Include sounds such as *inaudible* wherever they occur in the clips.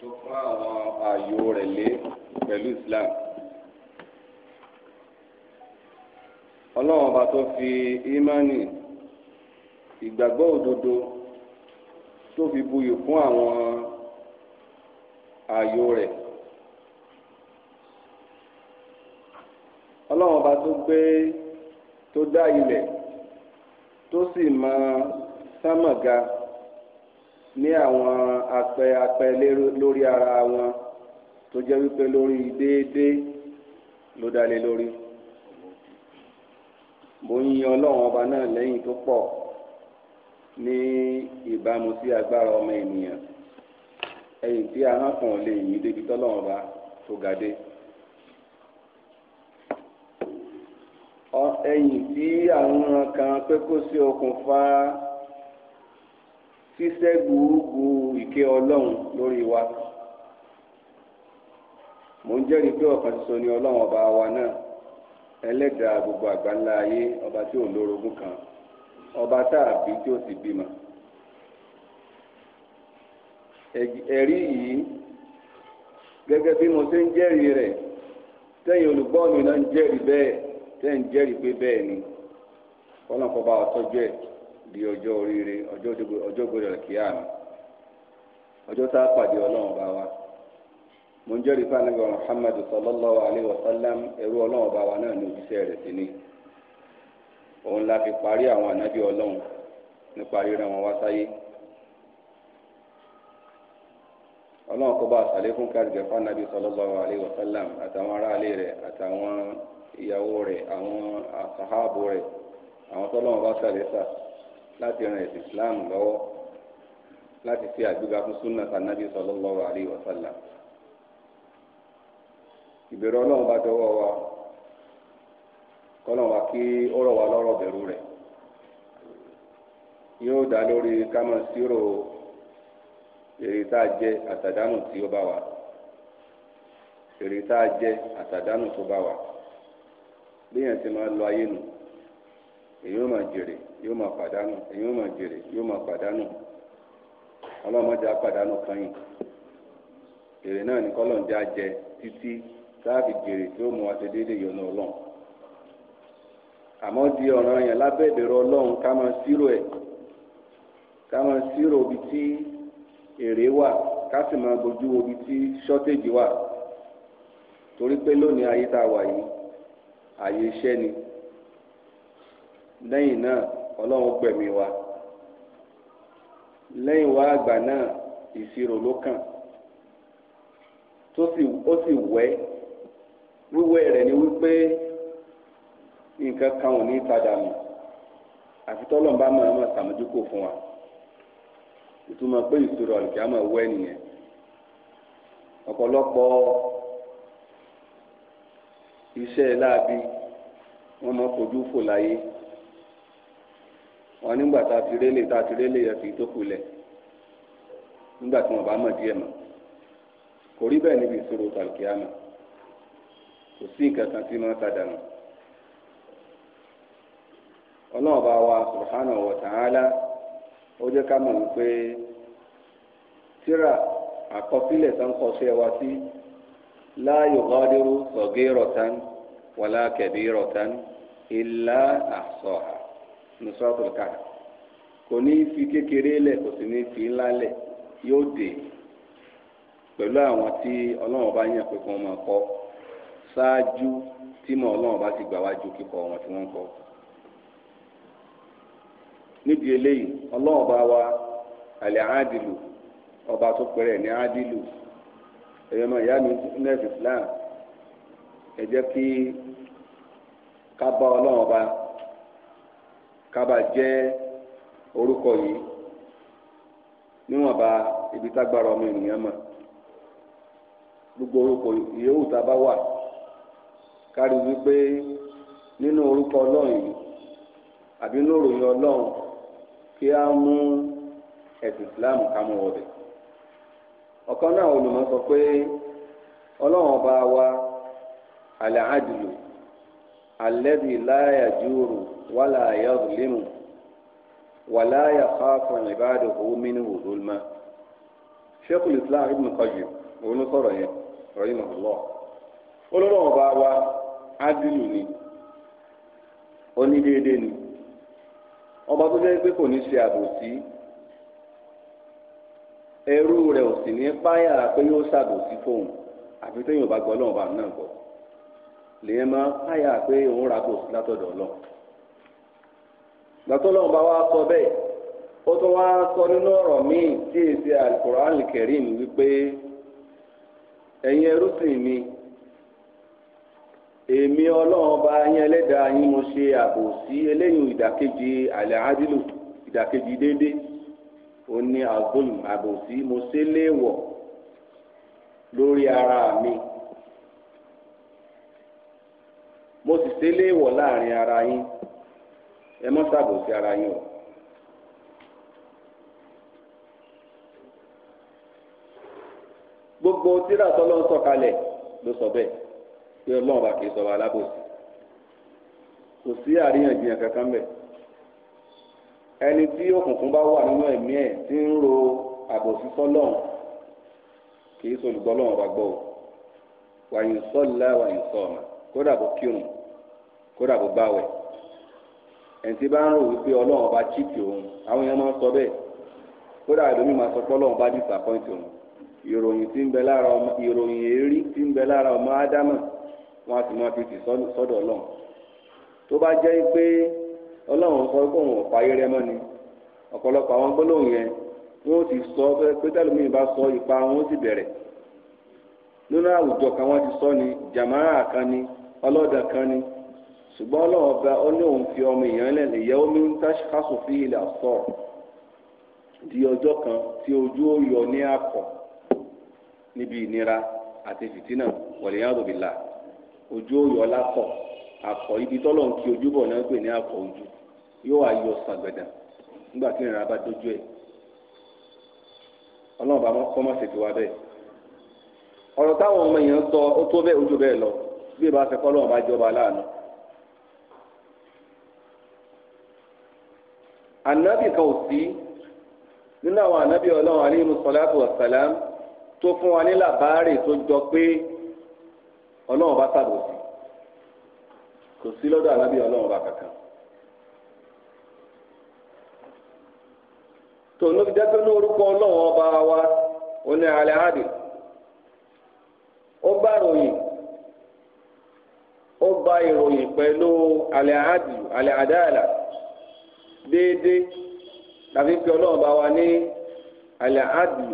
tó fún àwọn ààyò rẹ̀ lé pẹ̀lú Islam. ọlọ́run ọba tó fi ímánì ìgbàgbọ́ òdodo tó fi buyì fún àwọn ààyò rẹ̀. ọlọ́run ọba tó gbé tó dá ilẹ̀ tó sì mọ sámọ̀ga. Si ní àwọn apẹ apẹ lórí ara wọn tó jẹ́ wípé lórí déédéé ló dálé lórí mo ń yan ọlọ́run ọba náà lẹ́yìn tó pọ̀ ní ìbámu sí agbára ọmọ ènìyàn ẹ̀yìn tí ahọ́n kan lè yìn débi tọ́lọ́run ọba tó ga dé. ẹ̀yìn tí àwọn kan pé kó sí okùnfà ṣíṣẹ́ gbòógbò ìkẹ́ ọlọ́run lórí wa mò ń jẹ́rìí pé ọ̀kan ṣoṣo ni ọlọ́run ọba wa náà ẹlẹ́dàá gbogbo àgbáńlá ayé ọba tí ò lórogún kan ọba tá a bí tí ó sì bímọ ẹ̀rí yìí gẹ́gẹ́ bí mo ṣe ń jẹ́rìí rẹ̀ tẹ́yìn olùgbọ́ mi náà ń jẹ́rìí bẹ́ẹ̀ tẹ́yìn jẹ́rìí pé bẹ́ẹ̀ ni kọ́nà kọ́ bá wa tọ́jú ẹ̀. di ọjọ́ oríire ọjọ́ gbọdọ̀ kíámi ọjọ́ tá a pàdé ọlọ́run bá wa mo ń jẹ́rìí fún anabi muhammad sallallahu alayhi wa ẹrú ọlọ́run bá wa náà ní òjíṣẹ́ rẹ̀ sí ni òun la fi anabi ọlọ́run nípa ríran wọn wá sáyé ọlọ́run kó bá anabi àtàwọn aráalé rẹ̀ àtàwọn ìyàwó rẹ̀ láti ran ẹ̀sìn islam lọ́wọ́ láti ṣe àgbéga fún súnà sànàbí sallallahu alaihi wasallam ìbẹ̀rù ọlọ́run bá dọwọ́ wa kọ́nà wa kí ó rọ̀ wá lọ́rọ̀ bẹ̀rù rẹ̀ yóò dá lórí ká máa sírò èrè tá a jẹ àtàdánù tí ó bá wa èrè tá a jẹ àtàdánù tó bá wa bí yẹn ti máa lọ ayé nu èyí ó máa jèrè yóò máa pàdánù èyí yóò máa jèrè yóò máa pàdánù ọlọ́mọdé á pàdánù kanyìn èrè náà ní kọ́lọ́ǹdé á jẹ títí sáàbì jèrè tí ó mú wa ṣe déédéé yọ̀nà ọlọ́run àmọ́ di ọ̀ràn yẹn lábẹ́ ìbẹ̀rù ọlọ́run ká máa sírò ẹ̀ ká máa sírò ibi tí èrè wà ká sì máa bójú ibi tí ṣọ́tẹ́jì wà torí pé lónìí ayé tá wà yìí àyè iṣẹ́ ni lẹ́yìn náà ọlọ́run gbẹ̀mí wa lẹ́yìn wá àgbà náà ìṣirò ló kàn ó sì wẹ́ wíwẹ́ rẹ̀ ni wípé nǹkan kan ò ní padà mọ̀ àfi tọ́lọ́mbà máa máa sàmójúkò fún wa ìtumọ̀ pé ìṣirò àlùkí á máa wẹ́ nìyẹn ọ̀pọ̀lọpọ̀ iṣẹ́ láabi wọ́n máa fojú fò láyé. wọn nígbà tá a ti rélé tá a ti rélé ma fi tó kù lẹ̀ nígbà tí wọn bá mọ̀ díẹ̀ mọ̀ kò rí bẹ́ẹ̀ níbi ìṣòro tàlùkìyàmù kò sí nǹkan kan tí wọn padà mọ̀ ọlọ́run bá wa subhanahu wa ta'ala ó jẹ́ ká mọ̀ wípé tíra àkọsílẹ̀ tó ń wa sí nusratul kad kò ní fi kékeré lẹ kò sì ní fi ńlá lẹ yóò dé pẹ̀lú àwọn tí ọlọ́run bá yàn pé kí wọ́n máa kọ́ ṣáájú tí mọ̀ ọlọ́run bá ti gbà wájú kíkọ́ wọn tí wọ́n ń kọ́ nídìí eléyìí ọlọ́run bá wa àlẹ́ àádìlù ọba tó pẹ̀rẹ̀ ní àádìlù ẹ̀yọ́mọ ìyá mi nẹ́ẹ̀sì Islam ẹ jẹ́ kí ká bá ọlọ́run bá. kaba jẹ orukọ yìí níwọ̀nba ibi tágbára ọmọ ènìyàn mọ̀ gbogbo orukọ yòówù tá a bá wà kárí wípé nínú orukọ ọlọ́run yìí àbí nínú òròyìn ọlọ́run kí á mú ẹ̀sìn Islam ká mú ọbẹ̀ ọ̀kan náà olùmọ̀ sọ pé ọlọ́run ọba wa àlàádìlú الذي لا يجور ولا يظلم ولا يخاف عباده منه ظلما شيخ الإسلام ابن القيم ونصره رحمه الله olólùwọ̀n ni ọba tó jẹ́ pé kò ní ṣe àbòsí ẹrú ò sì ní páyà pé yóò fóun àfi bá gbọ́ lọ́wọ́ bá náà lèyẹn máa káyà pé òun ra kò látọ̀dọ̀ lọ. sọ bẹ́ẹ̀ ó tún wá sọ nínú ọ̀rọ̀ míì tí èsì alukoran kẹrin wípé ẹ̀yin ẹrúsìn mi èmi ọlọ́run bá yín ẹlẹ́dàá yín mo ṣe àbò sí eléyìí ìdàkejì àlẹ́ àdìlù ìdàkejì déédéé ó ní àbò sí mo ṣe léèwọ̀ ara mi. mo sì ṣe léèwọ̀ láàrin ara yín ẹ mọ́ ṣàbòsí ara yín o. gbogbo tíra tọ́lọ́ ń sọ̀kalẹ̀ ló sọ bẹ́ẹ̀ pé ọlọ́run bá kìí sọ̀rọ̀ alábòsí kò sí àríyànjiyàn kankan bẹ́ẹ̀ ẹni tí òkùnkùn bá wà nínú ẹ̀mí ẹ̀ tí ń ro àbòsí sọ́lọ́run kìí sọ̀lùgbọ́ ọlọ́run bá gbọ́ o wàyí sọ́ọ̀lá wàyí sọ̀ọ̀mà. kódà bó kírun kódà bó bá ń rò wípé ọlọ́run bá chíìtì òun àwọn èèyàn máa sọ bẹ́ẹ̀ kódà ẹ̀dọ́mí máa sọ pé ọlọ́run ọba disappoint ìròyìn tí ń bẹ lára ọmọ ìròyìn tí ń bẹ lára ọmọ ádámà wọn a sì máa fi bá jẹ́ pé ọlọ́run sọ pé òun rẹ mọ́ ni ọ̀pọ̀lọpọ̀ àwọn gbólóhùn yẹn wọn ò ọlọ́dà kan ni ṣùgbọ́n ọlọ́run ọba ó ní òun fi ọmọ èèyàn lẹ̀ lè yẹ omi ń káṣù fi ilẹ̀ sọ di ọjọ́ kan tí ojú ó yọ ní àkọ́ níbi ìnira àti fìtínà wọ̀lẹ̀ yàrá òbílà ojú ó yọ lákọ̀ àkọ́ ibi tọ́lọ̀ ń kí ojú bọ̀ náà pè ní àkọ́ ojú yóò wá yọ sàgbẹ̀dà nígbà tí ìrìnà bá dójú ẹ̀ ọlọ́run bá kọ́ mọ́ ṣètò wa bẹ́ẹ̀ ọ̀rọ̀ táwọn ọmọ èèyàn sọ ó tó bẹ́ẹ̀ ojú bẹ́ẹ̀ lọ bí a ṣe kọ́ jọba láàánú. ànábì kan ò sí nínú àwọn anabi ọlọ́run aliyu salatu wassalam tó fún wa ní làbárè tó jọ pé ọlọ́run bá ṣàbòsí kò sí lọ́dọ̀ ànábì ọlọ́run kankan. dẹ́gbẹ́ ní orúkọ ọlọ́run ọba wa oní alẹ́ àdì ó ìròyìn pẹ̀lú alẹ́ àdì alẹ́ àdáàlà déédéé tàbí pé ọlọ́run bá wa ní alẹ́ àdì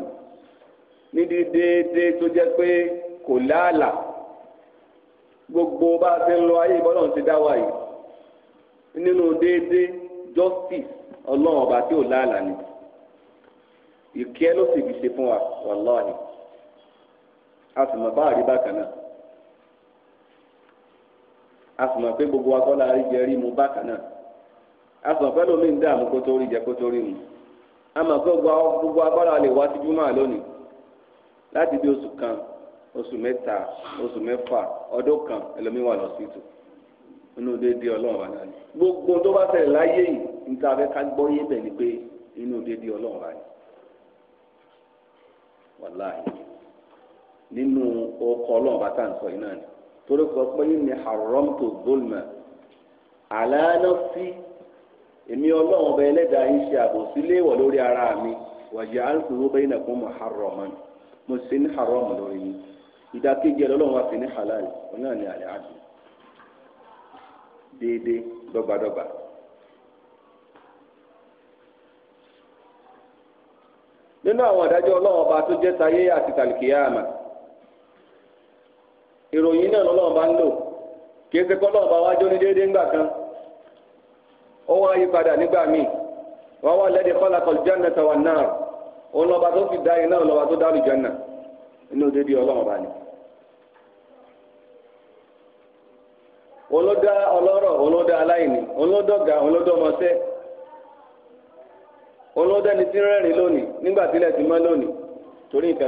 nídìí déédéé tó jẹ́ pé kò láàlà gbogbo bá a ti ń lọ ayé ìbọn ti dá wa yìí nínú déédéé justice ọlọ́run ọba tí ò láàlà ni ìkẹ́ ló sì fi ṣe fún wa wàláhì a sì mọ̀ bá a pé gbogbo wa kọ́ la mu bákan náà a pé lómi ń dààmú kó tó rí jẹ kó tó mu a pé gbogbo agbára lè wá sí júmọ̀ lónìí láti bí kan oṣù mẹ́ta oṣù mẹ́fà ọdún kan ẹlòmíwà lọ sí tu. inú déédéé ọlọ́run gbogbo tó bá tẹ̀lé láyé yìí níta ká gbọ́ yé bẹ̀ ni pé torí kò pé yìí ní haramtu zulma ala nafsi èmi ọlọ́run ọba ẹlẹ́dàá yín ṣe àbòsí léèwọ̀ lórí ara mi wàjà àǹtòwó bẹ́yìn náà fún muharraman mo ṣe ní haram lórí yín ìdákéjì ẹ lọ́lọ́run wa ṣe ní halal òun náà ní àlẹ́ àdùn déédéé dọ́gbadọ́gba. nínú àwọn àdájọ́ ọlọ́run ọba tó jẹ́ tayé àti tàlìkìyàmà. ìròyìn náà lọ́lọ́run bá ń lò kì í ṣe kọ́ ní déédéé ńgbà kan ó wá yí padà nígbà míì wọ́n wá lẹ́dí kọ́lá kọ́lù jẹ́nà náà òun lọ́ba tó fi dá iná lọ́ba tó dá àlùjànnà inú bá ní. olódà ọlọ́rọ̀ olódà aláìní olódọ̀gà olódọ̀mọṣẹ́ olódà tí ń rẹ́rìn torí bá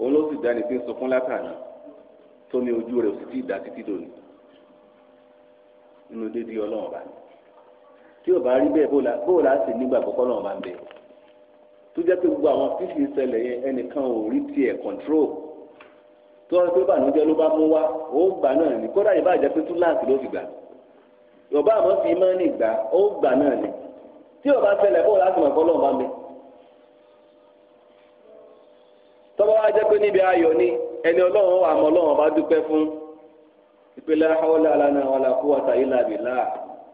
òun ló sì dání pé ń sọ fún látàní tó ní ojú rẹ̀ òsì tí ì dá títí dòní nínú dédé ọlọ́run bá ní tí ò bá rí bẹ́ẹ̀ bóòlù á sì nígbàgbọ́ kọ́lọ́run bá ń bẹ tó jẹ́ pé gbogbo àwọn fífi ìṣẹ̀lẹ̀ yẹn ẹnìkan ò rí tiẹ̀ control tó wọ́n pé bànújẹ́ ló bá mú wá ó gbà náà ní kódà yìí bá jẹ́ pé túláàsì ló fi gbà yọ̀bá àmọ́ fi mọ́ ní ìgbà ó gbà náà ní tí ò bá ṣẹlẹ̀ bóòlù á sì mọ̀ kọ́lọ́run bá ń bẹ tọ́ba wa jẹ́ pé níbi ayọ̀ ni ẹni ọlọ́run àmọ́ ọlọ́run bá dúpẹ́ fún ìpele ahọ́lá lánàá wọn kú wàtà ilà bìlà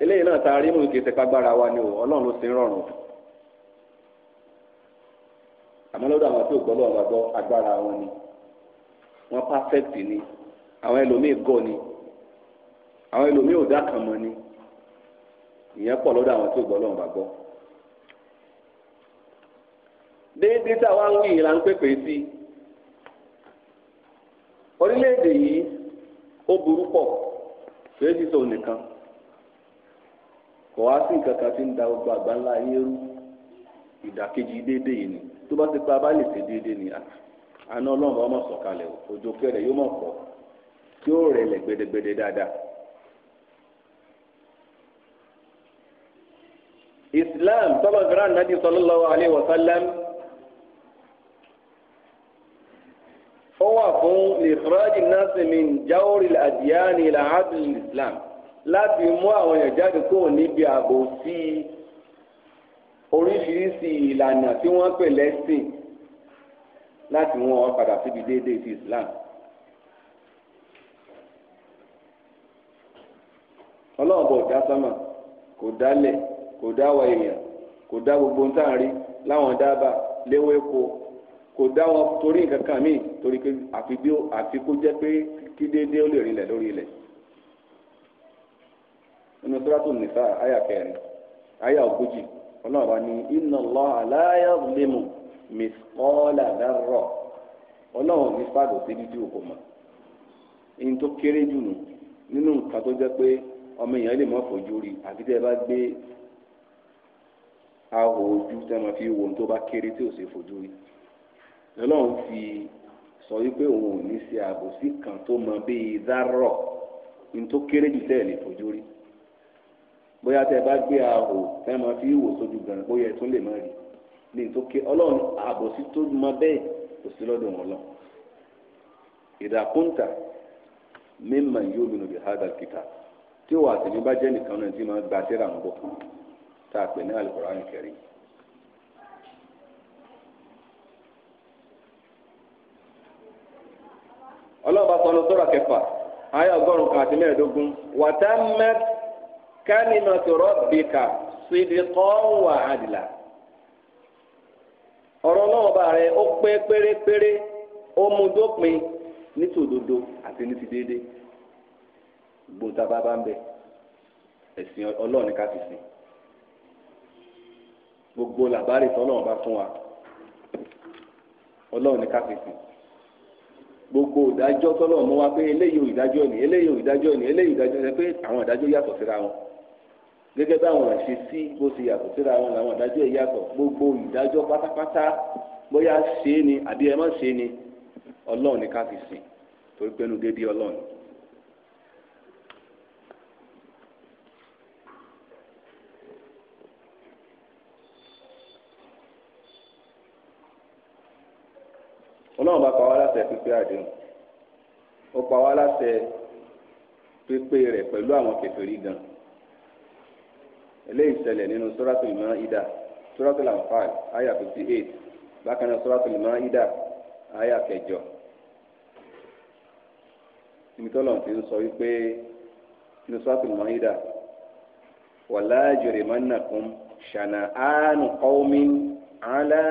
eléyìí náà ta rímù ìkẹsẹ̀ kágbára wa ni o ọlọ́run ló sì ń rọrùn àmọ́ lọ́dọ̀ àwọn tí ò gbọ́dọ̀ wọn ni wọn perfect ni àwọn ẹlòmíì ni àwọn ẹlòmíì ò ni ìyẹn pọ̀ lọ́dọ̀ àwọn tí ò gbọ́dọ̀ gbọ́ déédéé táwa ń wí ìlànà orílẹ̀-èdè yìí ó burú pọ̀ kìí ti sọ nìkan kò wá sí nǹkan kan tí ń da gbogbo àgbáńlá yín rú ìdàkejì déédéé yìí ni tó bá ti pa bá lè ṣe déédéé ni àná ọlọ́run ọmọ sọ̀kalẹ̀ òjò kẹrẹ̀ yóò mọ̀ pọ̀ tí ó rẹlẹ̀ gbedegbede dáadáa. Islam tọ́lọ̀ fẹ́ràn nàbí sallallahu alaihi wa sallam. ó wà fún lèkúrọ́jì násìmí jáwórì àdìyáni làhádùn islam láti mú àwọn èèyàn jáde kúrò níbi ààbò sí oríṣiríṣi ìlànà tí wọ́n pè lẹ́sìn láti mú wọn padà síbi déédéé ti islam. ọlọ́run bò dá sámà kò dálẹ̀ kò dá wa èèyàn kò dá gbogbo ń tàn rí láwọn dábàá léwéko kò dá wọn torí nǹkan kan míì torí pé àfi bí àfi kó jẹ́ pé kí déédéé ó lè rinlẹ̀ lórí ilẹ̀ nínú sọ́dọ̀tò nìsa àyà kẹrin àyà ogójì ọlọ́run bá ní inna Allaha la yazlimu mithqala dharra ọlọ́run ní fáàgò síbi tí o kò mọ̀ èyí tó kéré jù nù nínú nǹkan tó jẹ́ pé ọmọ èèyàn lè má fojú rí àfi tẹ́ bá gbé ahò ojú tẹ́ ẹ fi wo ohun tó bá kéré tí ò sì fojú rí lọ́lọ́run fi sọ wípé òun ò ní ṣe àbòsí kan tó mọ bíi dárọ̀ ní tó kéré jù tẹ́ẹ̀ lè fojú rí bóyá tẹ́ bá gbé ààbò tẹ́ máa fi wò sójú gan bóyá ẹ tún lè má rí ní tó ké ọlọ́run àbòsí tó mọ bẹ́ẹ̀ kò sí lọ́dọ̀ wọn lọ ìdàkúntà mímọ yóò bínú bí hádà kìtà tí ó wà tèmi bá jẹ́ nìkan náà tí máa gbà tẹ́ra ń bọ̀ tá a pè ní Al-Qur'an ọlọ́run bá sọnù sọ́ra kẹfà ayé ọgọ́rùn-ún kan àti mẹ́ẹ̀ẹ́dógún wàtá mẹ́t kánìmọ̀ tòrọ́ bìkà síbi kan wà àdìlà ọ̀rọ̀ ọlọ́run bá rẹ ó pé pérépéré ó mú dópin ní tòdodo àti ní ti déédéé gbòǹta bá bá ń bẹ ẹ̀sìn ọlọ́run ká fi sìn gbogbo làbárí tọ́lọ́run bá fún wa ọlọ́run ká fi sìn. gbogbo ìdájọ́ tọ́lọ̀ mú wa pé eléyìí ìdájọ́ ni eléyìí ìdájọ́ ni eléyìí ìdájọ́ ni pé àwọn ìdájọ́ yàtọ̀ síra wọn gẹ́gẹ́ bí àwọn ẹ̀ṣẹ̀ sí bó ti yàtọ̀ síra wọn làwọn ìdájọ́ yìí yàtọ̀ gbogbo ìdájọ́ pátápátá bóyá ṣe ni àbí ẹ ni ọlọ́run ni ká fi sìn torí pé nu ọlọ́run ọlọ́run bá pa wá láṣẹ pípé àdéhùn ó pa wá láṣẹ pípé rẹ̀ pẹ̀lú àwọn kèfèrí gan eléyìí ṣẹlẹ̀ nínú suratul Maida suratul Anfal aya fifty eight bákan náà suratul Maida aya kẹjọ níbi tó lọ́n ti ń sọ wípé nínú suratul Maida wala jurimannakum shana'anu qawmin ala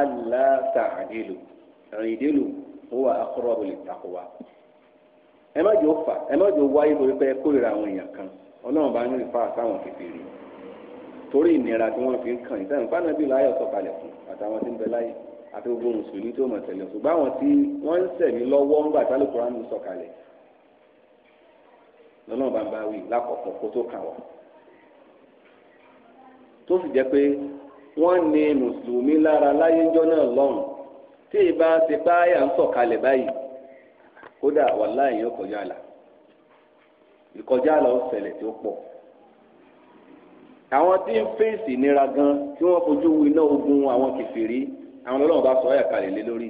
alla ta'dilu ìdílù huwa aqrabu lit-taqwa ẹ má jò fà ẹ má jò wáyé torí pé kórìíra àwọn èèyàn kan ọlọ́run bá ń rìn fáà sáwọn kékeré torí ìnira tí wọ́n fi ń kàn ìdáhùn fáwọn ẹbí láyọ̀ sọ̀kalẹ̀ fún àtàwọn tí ń bẹ láyé àti gbogbo mùsùlùmí tí ó mọ̀ tẹ̀lé ṣùgbọ́n àwọn tí wọ́n ń sẹ̀mí lọ́wọ́ ńgbà tálùkùrá ń sọ̀kalẹ̀ lọ́nà bá ń bá wí lákọ̀ọ́kọ́ kó tó kà wá tó sì jẹ́ pé wọ́n ní mùsùlùmí lára láyé ńjọ́ náà lọ́rùn tí ìbá ti báyà ń sọ̀kalẹ̀ báyìí kódà wàhálà yìí ó kọjá àlà ìkọjá àlà ó ṣẹlẹ̀ tí ó pọ̀ àwọn tí ń fèsì nira gan tí wọ́n fojú iná ogun àwọn kẹfìrí àwọn ọlọ́run bá sọ ọ́ yàkàlẹ̀ lé lórí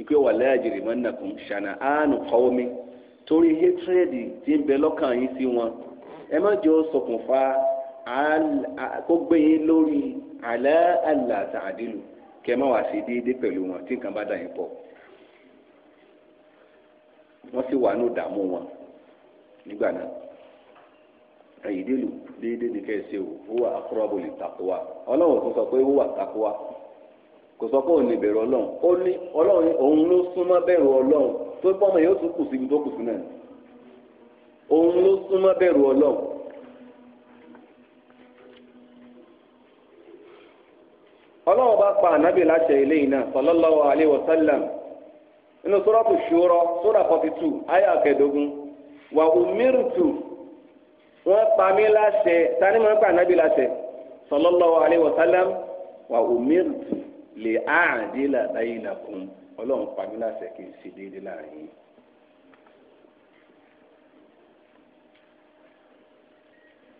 ìpè wà láyàjèrè mọ́nàkùn ṣànà áánù kọ́wọ́ mi torí hétírèdì tí ń bẹ lọ́kàn yín sí wọn ẹ má jọ ṣokùnfà kó gbé yín lórí àlẹ́ àlà tàdílù. kẹ má wàá ṣe déédéé pẹ̀lú wọn tí nǹkan bá dà yín pọ̀ wà ní wọn nígbà náà ẹ̀yìn délù déédéé ni kẹ́ẹ̀ o ọlọ́run kò sọ pé ó wà kò sọ pé bẹ̀rù ọlọ́run ó ní ọlọ́run òun ló súnmọ́ bẹ̀rù ọlọ́run bá pa ànábì láṣẹ eléyìí náà sallallahu alayhi nínú sóràtù ṣúrọ sóra forty two wà umirtu wọ́n pa mí láṣẹ tani pa ànábì láṣẹ wa umirtu lè àdìlà bainakum ọlọ́run pa mí láṣẹ kì í ṣe déédéé láàrin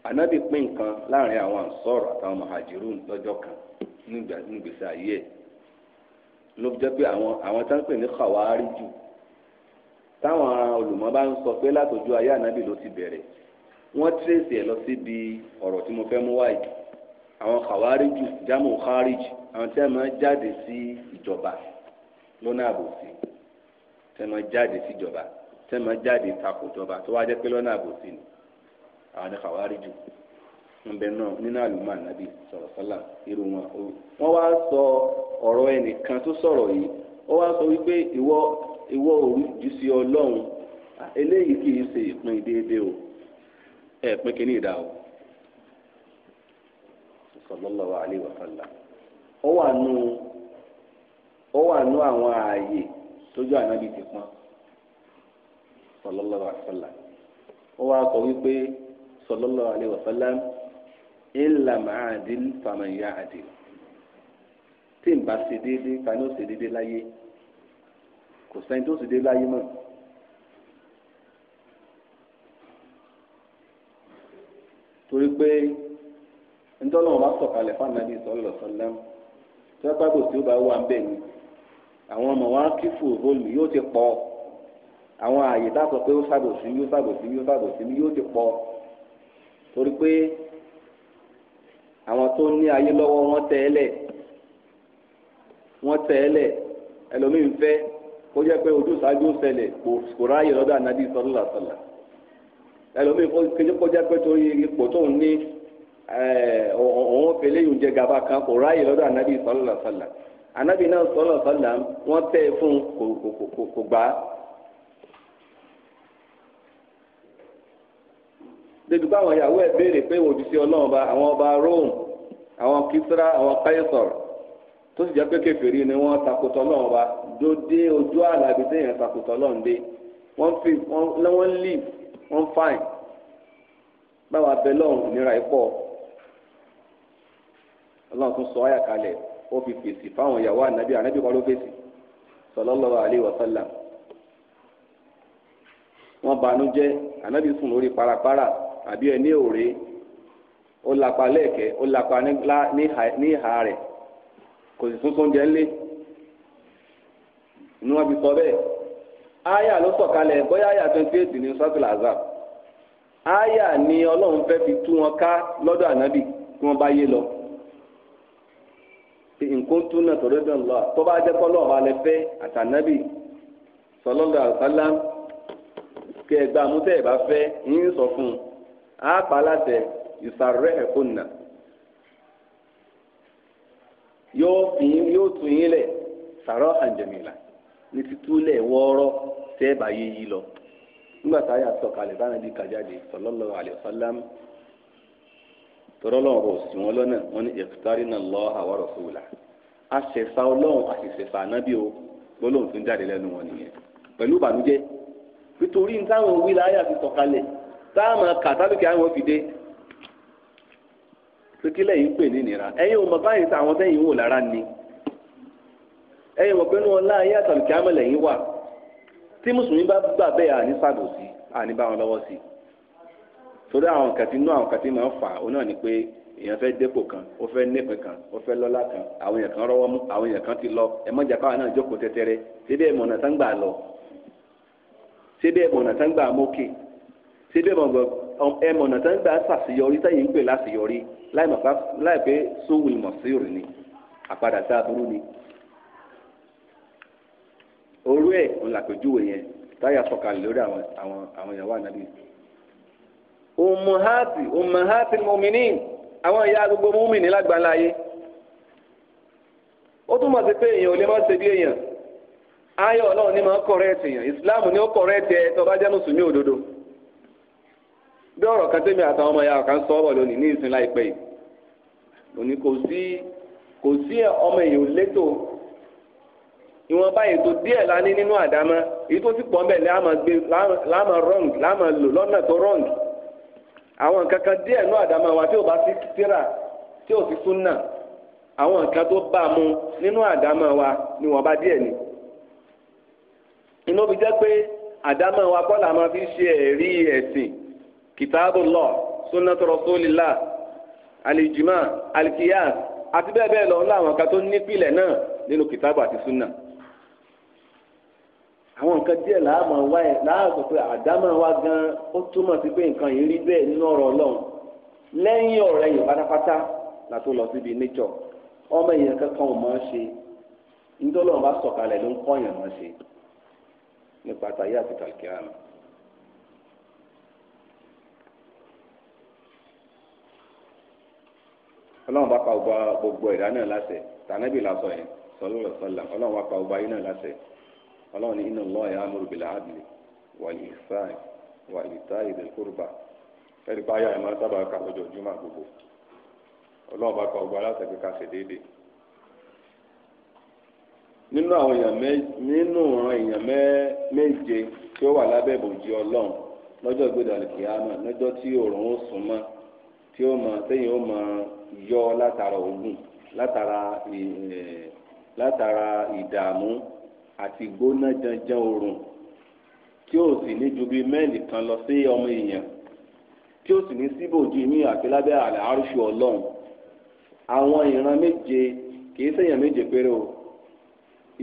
ànábì pín nǹkan láàrin àwọn ànsọ́ọ̀rọ̀ àtàwọn màhàjírùn lọ́jọ́ kan nínú gbèsè ayé ẹ̀ ló jẹ́ pé àwọn àwọn tá ń pè ní kàwáárí jù táwọn olùmọ̀ bá ń sọ pé látọjú ayé ànábì ló ti bẹ̀rẹ̀ wọ́n tírèsì ẹ̀ lọ síbi ọ̀rọ̀ tí mo fẹ́ mú wáyé àwọn kàwáárí jù jámù kárìjì àwọn tí wọ́n máa jáde sí ìjọba lọ́nà àbòsí tí wọ́n máa jáde sí ìjọba tí wọ́n máa jáde takò ìjọba tó wá jẹ́ pé lọ́nà àbòsí ni àwọn ni kàwáárí jù ń bẹ náà nínú àlùmọ́ ànábì sọ̀rọ̀ sálà irú wọn. wá sọ ọrọ ẹnìkan tó sọrọ yìí ó wá sọ wípé ìwọ ìwọ òrùjú sí ọlọ́run eléyìí kì í ṣe ìpín déédéé o ẹ pín ìdá o ìlà màádìl fàmìyà àdìl tí n bá ṣe déédéé ta ni ó ṣe déédéé láyé kò sẹ́ni tó ṣe déédéé láyé mọ́. torí pé ntọ́nà wọn bá sọ̀kalẹ̀ fún anabi sọlọ sọlẹm tí wọ́n gbàgbọ́ tí ó bá wà bẹ́ẹ̀ ni àwọn ọmọ wọn kí fún òbólù yóò ti pọ̀ àwọn ààyè tá sọ pé ó ṣàbòsí yóò ṣàbòsí yóò ṣàbòsí yóò ti pọ̀ torí pé àwọn tó ní ayé lọ́wọ́ wọ́n tẹ̀ ẹ́ lẹ̀ wọ́n tẹ̀ ẹ́ lẹ̀ ẹlòmíín fẹ́ kó jẹ́ pé ojú ìsájú ó ṣẹlẹ̀ kò ráàyè lọ́dọ̀ ànábì sọ́lá sọ́lá ẹlòmíín kó jẹ́ pé torí ipò tóun ní òun fèlè yìí jẹ gàba kan kò ráàyè lọ́dọ̀ ànábì sọ́lá sọ́lá ànábì náà sọ́lá sọ́lá wọ́n tẹ̀ fún kò gbà á. débi báwọn ìyàwó ẹ̀ béèrè pé ìwòjú sí ọlọ́run ba àwọn ọba Rome àwọn Kisra àwọn Kaisar tó sì jẹ́ pé kèfèrí ni wọ́n takòtò ọlọ́run ba dóde ojú àlàbí téèyàn takòtò ọlọ́run dé wọ́n fi wọ́n live wọ́n fine báwa bẹ lọ́run ìnira ìpọ̀ ọlọ́run tún sọ ayà kalẹ̀ ó fi fèsì fáwọn ìyàwó ànábì ànábì kan ló fèsì sallallahu alaihi wasallam wọ́n banújẹ́ ànábì sùn lórí parapara. Para àbí ẹ ní òré ó lapa lẹ́ẹ̀kẹ́ ó lapa ní ìhà rẹ̀ kò sì tún sóúnjẹ ńlé ni wọ́n fi sọ bẹ́ẹ̀ aya ló sọ̀kalẹ̀ bóyá aya twenty eight ní sọ́tò làzà aya ni ọlọ́run fẹ́ fi tú wọn ká lọ́dọ̀ ànábì tí wọ́n bá yé lọ nǹkan tún náà tọ̀rọ̀ dùn lọ tó bá jẹ́ kọ́lọ́ ọba lẹ àtànábì sọlọ́dọ̀ àlùfáàlám kí ẹ gbà mú bá fẹ́ yín sọ fún un á pa láṣẹ ìsàrẹ́ ẹ̀kọ́ nà yóò fi yóò tún yín lẹ̀ sàrọ̀ àjẹmìlà ní títúlẹ̀ wọ́ọ́rọ́ tẹ́ bá yé yí lọ nígbà tá a yà sọ̀kalẹ̀ bá nàbí kàjáde sallallahu alaihi wasallam tọrọ lọ́wọ́ sí wọn lọ́nà wọn ní iqtarina Allaha wa rasulahu àṣẹfà ọlọ́run àṣẹṣẹfà ànábì o gbọ́dọ̀ tó ń jáde lẹ́nu wọn nìyẹn pẹ̀lú ìbànújẹ́ nítorí nítawọn wíìlà ayà ti sọ̀kalẹ̀ táàmù kàtàlùkì àwọn òfìdé sókílẹ̀ yìí ń pè ní ìnira ẹ̀yin ò mọ̀ báyìí àwọn tẹ́yìn wò lára ni ẹ̀yin mọ̀ pé ní wọn láàyè àtàlùkì àmọ̀lẹ̀ yìí wà tí mùsùlùmí bá gbà bẹ́ẹ̀ àní sàbòsí àní bá wọn lọ́wọ́ sí i torí àwọn kàtí inú àwọn kàtí máa ń fà ó náà ni pé èèyàn fẹ́ dépò kan ó fẹ́ nípìn kan ó fẹ́ lọ́lá kan àwọn èèyàn kan rọ́wọ́ mú àwọn èèyàn kan ti lọ ẹ mọ́jà káwọn náà jókòó tẹ́tẹ́rẹ́ síbẹ̀ mọ̀nà tán gbà lọ síbẹ̀ mọ̀nà tán mókè síbẹ̀ ẹmọ ọ̀nà tó ń gbà ṣàṣeyọrí tẹ̀yìn ń pè láṣeyọrí láì pé sówùn ìmọ̀ sí òrìn ni àpadà tá a burú ni. orú ẹ̀ ń làpèjúwe yẹn táyà sọ̀kalẹ̀ lórí àwọn àwọn ìyàwó ànábì. ummahati ummahati muminin àwọn ìyá gbogbo mumini lágbàlá ayé. ó túmọ̀ sí pé èèyàn ò lè má ṣe bí èèyàn ayọ̀ ọlọ́run ni máa ń kọ̀rẹ́ẹ̀tì èèyàn ìsìláàmù ni ó kọ̀rẹ́ẹ̀tì ẹ̀ tó bá jẹ́ mùsùlùmí òdodo bí ọ̀rọ̀ kan tẹ́mi àtàwọn ọmọ ya kan sọ ọ́ bọ̀ lónìí ní ìsìn láìpẹ́ yìí òní kò sí kò sí ọmọ èèyàn létò ìwọ̀nba ètò díẹ̀ la ní nínú àdámọ́ èyí tó ti pọ̀ mbẹ̀ láàmà gbé láàmà wrong láàmà lò lọ́nà tó wrong àwọn nǹkan kan díẹ̀ nínú wa tí ò bá sí tíra tí ò sí súnà àwọn nǹkan tó bá mu nínú àdámọ́ wa ni wọ́n bá díẹ̀ ni inú bí jẹ́ pé àdámọ́ wa kọ́ la máa fi ṣe ẹ̀rí ẹ̀sìn كتاب الله، سنة رسول الله، àti bẹ́ẹ̀ bẹ́ẹ̀ lọ ńlá àwọn kan tó nípìlẹ̀ náà nínú kìtàbù àti súnà àwọn nǹkan díẹ̀ láàmú wá ẹ̀ láàbò pé àdámọ̀ wa gan ó túmọ̀ sí pé nǹkan yìí rí bẹ́ẹ̀ nínú ọ̀rọ̀ ọlọ́run lẹ́yìn ọ̀rẹ́ yìí pátápátá la tó lọ síbi nature ọmọ èèyàn kankan ò mọ̀ ọ́ ṣe nítorí wọn bá sọ̀kalẹ̀ ló ń kọ́ yẹn mọ̀ ṣe nípa tàyé àti kàlùkìrà náà. ọlọ́run bá pa gbogbo ẹ̀dá náà láṣẹ tànàbì lásọ yẹn sọlọ́rọ̀ sọlá ọlọ́run bá pa gbogbo ayé náà láṣẹ ọlọ́run ní inna Allaha ya'muru bil adli wal ihsani wa ita'i dhil qurba ẹ̀rí pa ayé àmọ́ sábà ká lọ́jọ́ jùmọ̀ gbogbo ọlọ́run bá pa gbogbo aláṣẹ pé ká ṣe déédéé nínú àwọn èèyàn mẹ nínú ọ̀ràn èèyàn mẹ méje tí ó wà lábẹ́ ìbòjì ọlọ́run lọ́jọ́ ìgbéda yọ látara ogun látara látara ìdààmú àti gbóná janjan oòrùn tí ó sì ní ju bíi mẹ́ẹ̀lì kan lọ sí ọmọ èèyàn tí ó sì ní síbòjú ní àfilábẹ́ àlẹ́ àrùsù ọlọ́run àwọn ìran méje kìí ṣèyàn méje péré o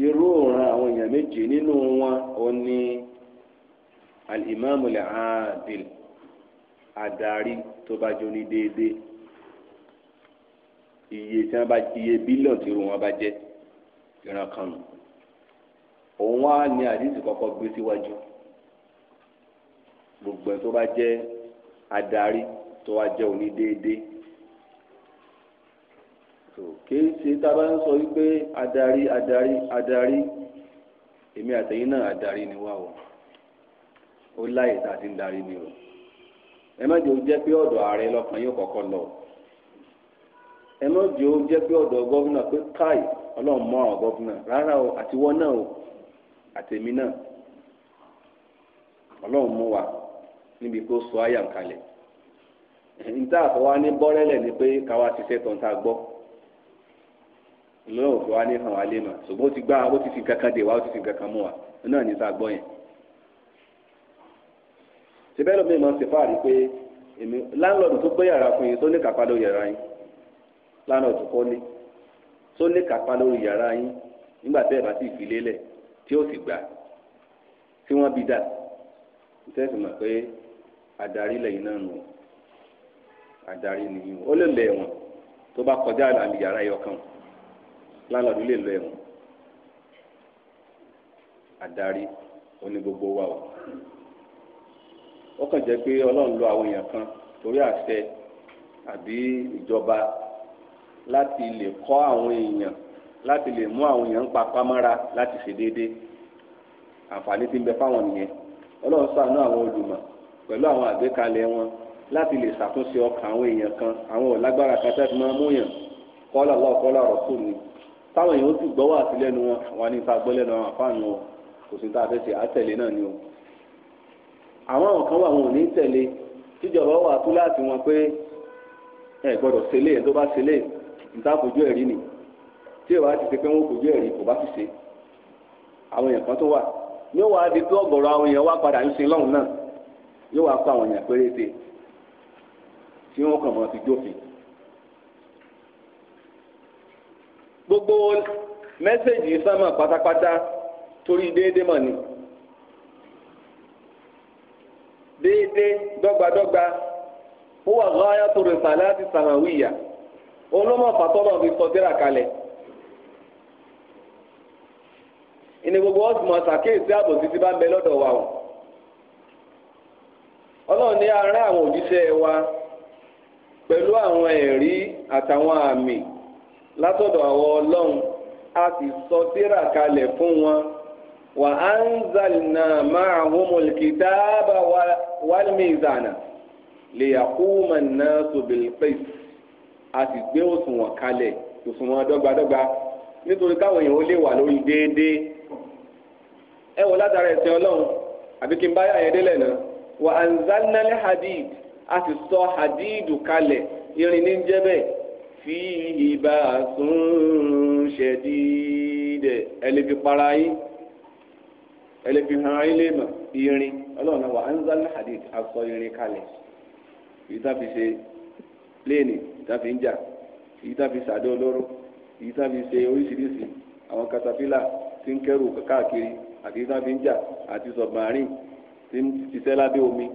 irú òran àwọn èèyàn méje nínú wọn ò ní alimami adil adarí tó bá jó ní déédéé iye tí wọ́n bá iye bílíọ̀nù tí irú wọn bá jẹ́ ìran kan nù òun wá ní àdìsí kọ́kọ́ gbé síwájú gbogbo ẹ̀ tó bá jẹ́ adarí tó wá jẹ́ onídéédéé kìí ṣe tá a bá ń sọ wípé adarí adarí adarí èmi àtẹ̀yìn náà adarí ni wá o ó láyè tá a ti ń darí ni o ẹ má jẹ́ o jẹ́ pé ọ̀dọ̀ ààrẹ lọ́kàn yóò kọ́kọ́ lọ ẹ má jẹ́ ó pé ọ̀dọ̀ gọ́vùnà pé káì ọlọ́run mọ́ àwọn rárá o àtiwọ́ náà o náà wa níbi kó sọ àyà ń kalẹ̀ ní bọrẹlẹ ni pé káwa ti ṣe tọ́ta gbọ́ lọ́wọ́ fún wa ní hàn wá lé ṣùgbọ́n ó wa náà ní gbọ́ yẹn. pé láńlọ́ọ̀dù tó gbé yàrá fún yín lánàá ọ̀tún kọ́lé tó lè kápá lórí yàrá yín nígbà tẹ́ ẹ̀ bá sì fi lélẹ̀ tí ó sì gbà tí wọ́n bí dà tẹ́sí mọ̀ pé adarí lẹ́yìn náà nù adarí nìyí ó lè lọ ẹ̀wọ̀n tó bá kọjá àmì yàrá ẹ̀yọ kan lánàá ọ̀dún lè lọ ẹ̀wọ̀n adarí oní gbogbo wa o ó kàn jẹ́ pé ọlọ́run lo àwọn èèyàn kan torí àṣẹ àbí ìjọba láti lè kọ́ àwọn èèyàn láti lè mú àwọn èèyàn ń papá mọ́ra láti ṣe déédéé àǹfààní tí ń bẹ fáwọn nìyẹn ọlọ́run ṣàánú àwọn olùmọ̀ pẹ̀lú àwọn àgbékalẹ̀ wọn láti lè ṣàtúnṣe ọkàn àwọn èèyàn kan àwọn ọ̀lágbára kan tẹ́tí máa mú yàn kọ́lá lọ́ọ̀ kọ́lá ọ̀rọ̀ kù ni táwọn èèyàn ó sì gbọ́wọ́ àtìlẹ́nu wọn àwọn ní ta gbọ́lẹ́nu àwọn àfáànù wọn kò sí tá a fẹ́ náà ni o àwọn kan wà wọn ò ní tẹ̀lé tíjọba wà túláàtì wọn pé ẹ gbọ́dọ̀ ṣẹlẹ̀ tó bá ṣẹlẹ̀ níta fojú ẹ̀rí ni tí ìwà ti ṣe pé wọ́n fojú ẹ̀rí kò bá ti ṣe àwọn èèyàn kan tó wà yóò wá di tó ọ̀gọ̀rọ̀ àwọn èèyàn wá padà ń sin lọ́hùn náà yóò wá kó àwọn èèyàn péréte tí wọ́n kàn máa fi jófin. gbogbo mẹ́sẹ̀gì sámà pátápátá torí déédéé mọ̀ ni déédéé dọ́gbadọ́gba ó wà gáyà tó rìn sàlẹ́ àti sàmàwìyà olómọ fàtọ́nà fi sọ síra kalẹ̀ ìní gbogbo ọ̀sùnmọ̀ ṣàkíyèsí àbòsí ti bá ń bẹ lọ́dọ̀ wa o ọlọ́run ní ará àwọn òjíṣẹ́ wa pẹ̀lú àwọn ẹ̀rí àtàwọn àmì látọ̀dọ̀ àwọn ọlọ́run a sì sọ síra kalẹ̀ fún wọn wa anzalna ma'ahumul kitaba wal mizana liyaquma an-nasu bil qist. a sì gbé òṣùwọ̀n kalẹ̀ òṣùwọ̀n dọ́gbadọ́gba nítorí káwọn èèyàn ó lè wà lórí déédéé ẹ wò látara ẹ̀sìn ọlọ́run àbí kí n bá yà yẹn hadid a sì sọ hadid kalẹ̀ irin ní fi ìbá sùn ṣẹ̀dídẹ̀ ẹ lè fi para yín ẹ lè fi hàn mọ̀ irin ọlọ́run wà á hadid a sọ irin kalẹ̀ ṣe léènì. ìtàfi ń jà ìtàfi sàdé olóró ìtàfi ṣe oríṣiríṣi àwọn katapila tí ń kẹrù káàkiri àti ìtàfi ń jà àti sọgbàrin tí ń ṣiṣẹ́ lábẹ́ omi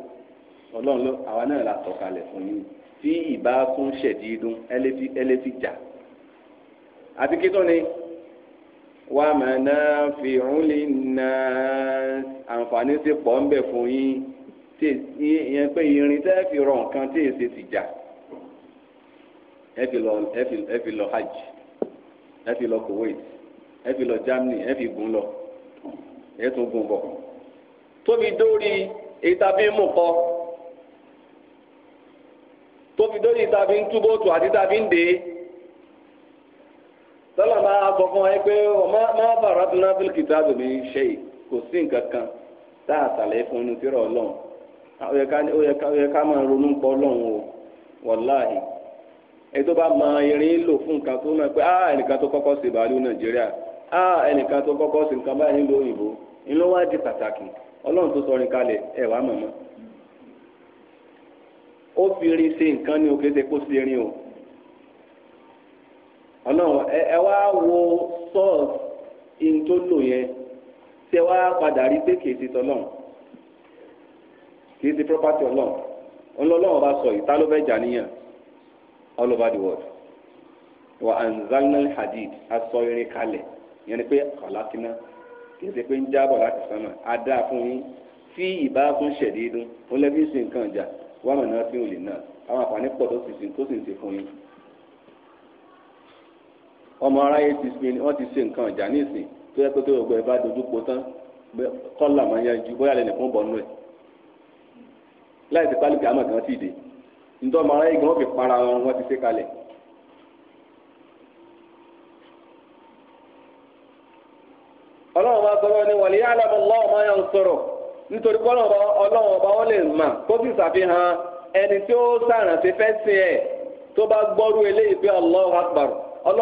ọlọ́run ló àwa náà la sọ̀kalẹ̀ fún yín tí ìbá tún ṣẹ̀dí dún ẹlẹ́tì ẹlẹ́tì jà àti kí ni wà á máa fi òun lè na àǹfààní ti pọ̀ ń bẹ̀ fún yín tí ìyẹn pé irin tẹ́ fi rọ nǹkan tí èsì ti jà ẹ fi lọ ẹ fi ẹ fi lọ hajj ẹ fi lọ Kuwait ẹ fi lọ Germany ẹ fi gùn lọ ẹ tún gùn bọ̀ tóbi dórí èyí tàbí mú kọ tóbi dórí tàbí ń túbọ̀ tù àti tàbí ń dè é sọlá máa sọ fún ẹ pé máa bàrà tó náà bílíkì tá a dòbí ṣe kò sí nǹkan kan tá a sàlẹ̀ fún un tírọ̀ ọlọ́run ó yẹ ká máa ronú pọ̀ ọlọ́run o wàláhì. ẹni tó bá mọ irin lò fún nǹkan tó náà pé ah ẹnìkan tó kọkọ ṣe bàálù nàìjíríà ah ẹnìkan tó kọ́kọ́ ṣe nǹkan báyìí nílùú òyìnbó ìlú wa di pàtàkì ọlọ́run tó sọrin kalẹ̀ ẹ̀ wá mọ̀mọ́ ó fi irin ṣe nǹkan ní òkè ṣe kó ṣe irin o ọlọ́run ẹ wá wo sọ́ọ̀sì ihun tó lò yẹn tí ẹ wá padà rí pé kìí ṣe tọ́lọ́run kìí ṣe property ọlọ́run ọlọ́run ọba sọ ìta ló fẹ́ jà níyàn all over the world wa anzalnal hadid asọ irin kalẹ̀ ni pé kọ̀lákínà kìí ṣe pé ń jábọ̀ láti sánmà á fún yín tí ìbá fún ṣẹ̀dí dún ó lẹ́bí sí nǹkan ìjà wà mọ̀ náà tí ò lè náà àwọn àǹfààní pọ̀ tó sì tó sì ń ṣe fún yín. ọmọ aráyé ti sin wọ́n ti ṣe nǹkan ìjà nísìn tó yẹ pé tó yọgbọ́ ẹ bá dojú po tán kọ́là máa yanjú bóyá lẹ́nu fún bọ́nú ẹ̀ láì sí ti ntọ́mọ mara ịga fi para ọrụ wọ́n ti ṣe kalẹ̀. ọlọ́run bá sọ̀rọ̀ ni wọ̀lẹ́ alámọ̀ lọ́wọ́ máa yàn sọ̀rọ̀ nítorí pọ́nà ọlọ́run ọba wọn lè mà kó sì ṣàfihàn ẹni tí ó sàràn ti fẹ́sẹ̀ ẹ̀ tó bá gbọ́rú eléyìí pé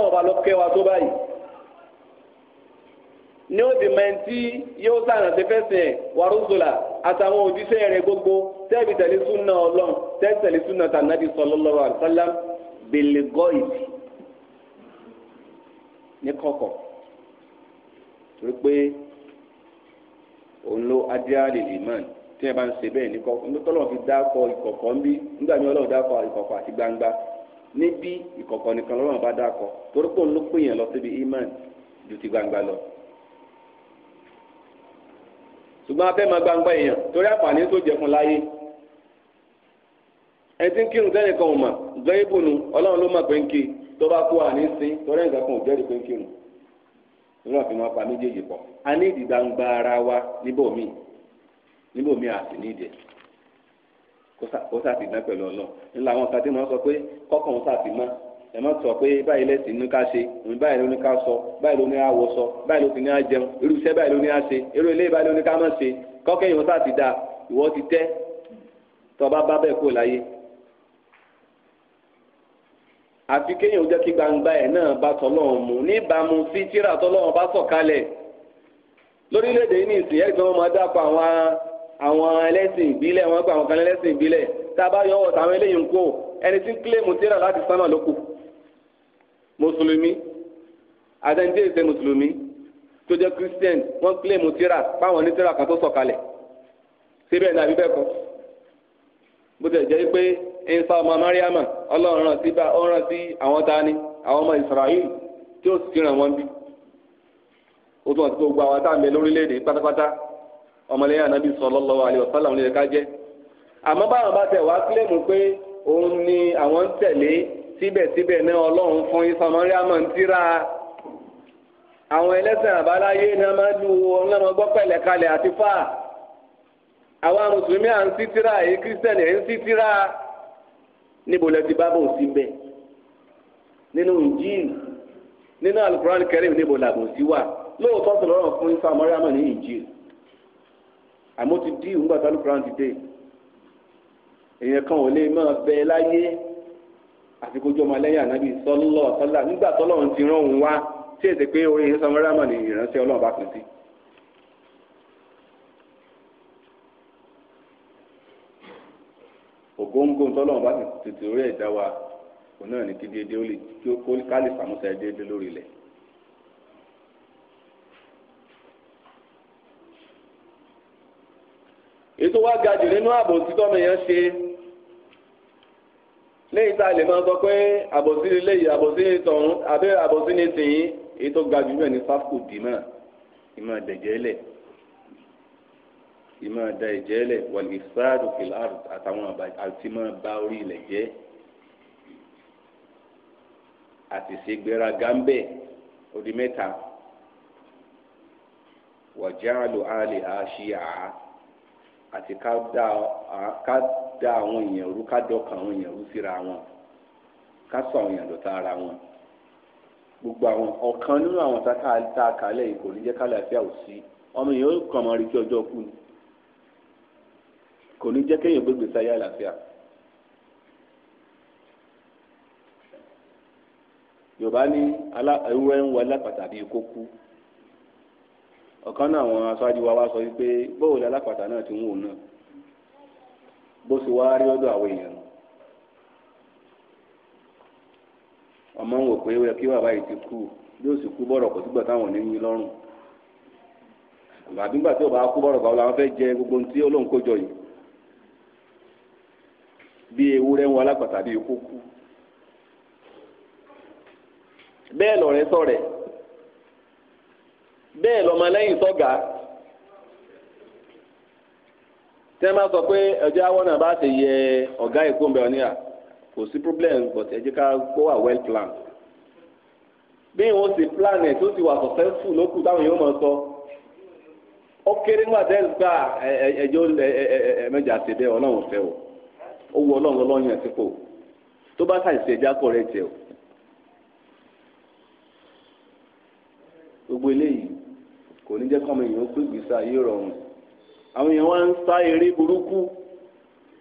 ọba ló kẹ́ wa tó báyìí ní mẹ́ntì yóò sàràn ẹ̀ wàrúzùlà gbogbo súnà ọlọ́run tẹ́tẹ̀lé súnàtà nàbì sallallahu alaihi wasallam bèlè gọ́ ìdí ní kọ̀kọ̀ torí pé òun ló adíálè lèmán tí ẹ bá ń ṣe bẹ́ẹ̀ ní kọ̀kọ̀ ní tọ́lọ̀ fi dákọ̀ ìkọ̀kọ̀ ń bí gbangba ìkọ̀kọ̀ nìkan bá dákọ̀ torí pé òun ló pè gbangba lọ ṣùgbọ́n abẹ́ máa gbangba èèyàn torí tó jẹ fún ẹtí ń kírun tẹ́lẹ̀ kan ò mà gbẹ́ ìbònú ọlọ́run ló mà pé ń ké tó bá kó àní sí tọ́lẹ́ nǹkan kan ò jẹ́rìí pé ń kírun lọ́nà fi máa pa méjèèjì pọ̀ a ní ìdí gbangba ara wa níbòmí níbòmí àti nídìí kó sàfi dán pẹ̀lú ọlọ́run ńlá àwọn kan tí wọ́n sọ pé kọ́kàn ń sàfi mọ́ ẹ má sọ pé báyìí lẹ́sìn ní ká ṣe òun báyìí ló ní ká sọ báyìí ló ní àwọ̀ sọ báyìí ló ti ní àjẹun irú iṣẹ́ báyìí ló ní àṣe irú ilé báyìí ló ní ká má ṣe kọ́kẹ́yìn ó sàti dá ìwọ ti tẹ́ tọ́ bá bá bẹ́ẹ̀ kó láyé àfi kéèyàn jẹ́ kí gbangba ẹ̀ náà bá tọ́lọ́run mu níbàámu sí tíra tọ́lọ́run bá sọ̀kalẹ̀ lórílẹ̀‐èdè yìí ní ìsìn ẹ̀gbọ́n wọn máa dápọ̀ àwọn àwọn ẹlẹ́sìn ìbílẹ̀ wọn gba àwọn kan ẹlẹ́sìn ìbílẹ̀ tá a bá yọ ọ̀tá àwọn eléyìí ń kó ẹni tí ń kílèmù tíra láti sánà lóko mùsùlùmí àtẹnudé ìṣe mùsùlùmí tó jẹ́ christian wọ́n kílèmù tíra báwọn ní kan tó sọ̀kalẹ̀ síbẹ̀ ní àbíbẹ̀ kan bó ti jẹ́ pé Ìsá ọmọ Mariama Ọlọ́run rán sí ọràn sí àwọn tani àwọn ọmọ Israel tí ó sì ràn wọn bí ó tún àti gbogbo àwọn àtàmì lórílẹ̀-èdè pátápátá ọmọlẹ́yìn Ànábì sallallahu alaihi wasallam lè ká jẹ́ àmọ́ báwọn bá tẹ̀ wá kílẹ̀mù pé òun ni àwọn ń tẹ̀lé síbẹ̀síbẹ̀ náà Ọlọ́run fún Ìsá Mariama ń tíra àwọn ẹlẹ́sìn àbáláyé náà máa lu ọlọ́mọgbọ́ pẹ̀lẹ́kalẹ̀ àti fáà àwa mùsùlùmí à ń sítírà èyí kírísítẹ̀nì ẹ̀ ń sítírà níbo lẹ ti bábò sí bẹ nínú Injil nínú Al-Qur'an Karim níbo làbò sí wà lóòótọ́ sọ̀rọ̀ ọ̀rọ̀ fún ifá mọ́ríàmọ̀ ní Injil àmọ́ ti dí ìhùngbà tí Al-Qur'an ti dé èèyàn kan ò lè máa bẹ láyé àfikójú ọmọ lẹ́yìn ànábì sọ́lọ́ sọ́lá nígbà tọ́lọ́run ti rán òun wá tí èsì pé orin ìsọmọ́ríàmọ̀ ní ìránṣẹ́ Ọlọ́run bá pèsè. ògóńgó tọ́lọ́run bá ti tètè orí ẹ̀dá wa òun náà ní kí déédé ó lè kí ó ká lè sàmúsà déédé lórí ilẹ̀. ètò wa ga jù nínú ààbò títọ́ mi yẹn ṣe lẹ́yìn tá a lè máa sọ pé àbòsí ni léyìí àbòsí ni tọ̀hún àbẹ́ àbòsí ni tìyín ètò ga jù bẹ́ẹ̀ ni sáfù dì mọ́ ìmọ̀ ẹ̀dẹ̀jẹ̀ lẹ̀ ìmọ̀ da ìjẹ́lẹ̀ wàlẹ̀ sáàdù fìlàrù àtàwọn àti mọ̀ bá orí ilẹ̀ jẹ́ àti ṣègbéra gámbẹ́ odi mẹ́ta wàjáàlù àlè àṣìyà àti ká dá àwọn èèyàn rú ká dọkàn àwọn èèyàn rú síra wọn ká sọ àwọn èèyàn lọ́tà ara wọn gbogbo àwọn ọ̀kan nínú àwọn tá a kà lẹ̀ kò jẹ́ ká lè fi àwòsí ọmọ èèyàn ó kàn mọ́ rí kí ọjọ́ kú ni kò ní jẹ́ kéèyàn gbégbé sáyé àlàáfíà. yorùbá ní ewúrẹ́ ń wọlé àpàtà bíi kó kú ọ̀kan náà àwọn aṣáájú wa wá sọ wípé bóòlù alápàtà náà ti ń wò náà bó ṣe wá rí ọ̀dọ̀ àwọn èèyàn ọmọ ń wò pé ó yẹ kí bàbá yìí ti kú yóò sì kú bọ̀rọ̀ kò sígbà táwọn ní yín lọ́rùn àbí tí ò bá kú bọ̀rọ̀ báwo làwọn fẹ́ jẹ gbogbo ohun tí olóhùn yìí bí ewúrẹ́ ń wọ alápàtà bí ikú kú bẹ́ẹ̀ lọ̀rẹ́ sọ̀rẹ́ bẹ́ẹ̀ lọ́mọlẹ́yìn sọ̀gá tẹ́ máa sọ pé ẹjọ́ àwọn bá ti yẹ ọ̀gá ìkó ń bẹ ọ níyà kò sí problem but ẹ jẹ́ ká kó wà well planned bí wọ́n ti plan ẹ̀ tó ti wà successful lókù táwọn yóò máa sọ ó kéré nígbà tẹ́ ẹjọ́ ẹ̀ẹ́dẹ́gbẹ̀jà ti ọlọ́run fẹ́ o ó ọlọ́run ọlọ́run yẹn ti tó bá ṣàìsí ẹja kọ rẹ jẹ o gbogbo eléyìí kò ní jẹ́ kọ́mọ èèyàn kú ìgbésí ayé rọrùn àwọn èèyàn wọn ń sá eré burúkú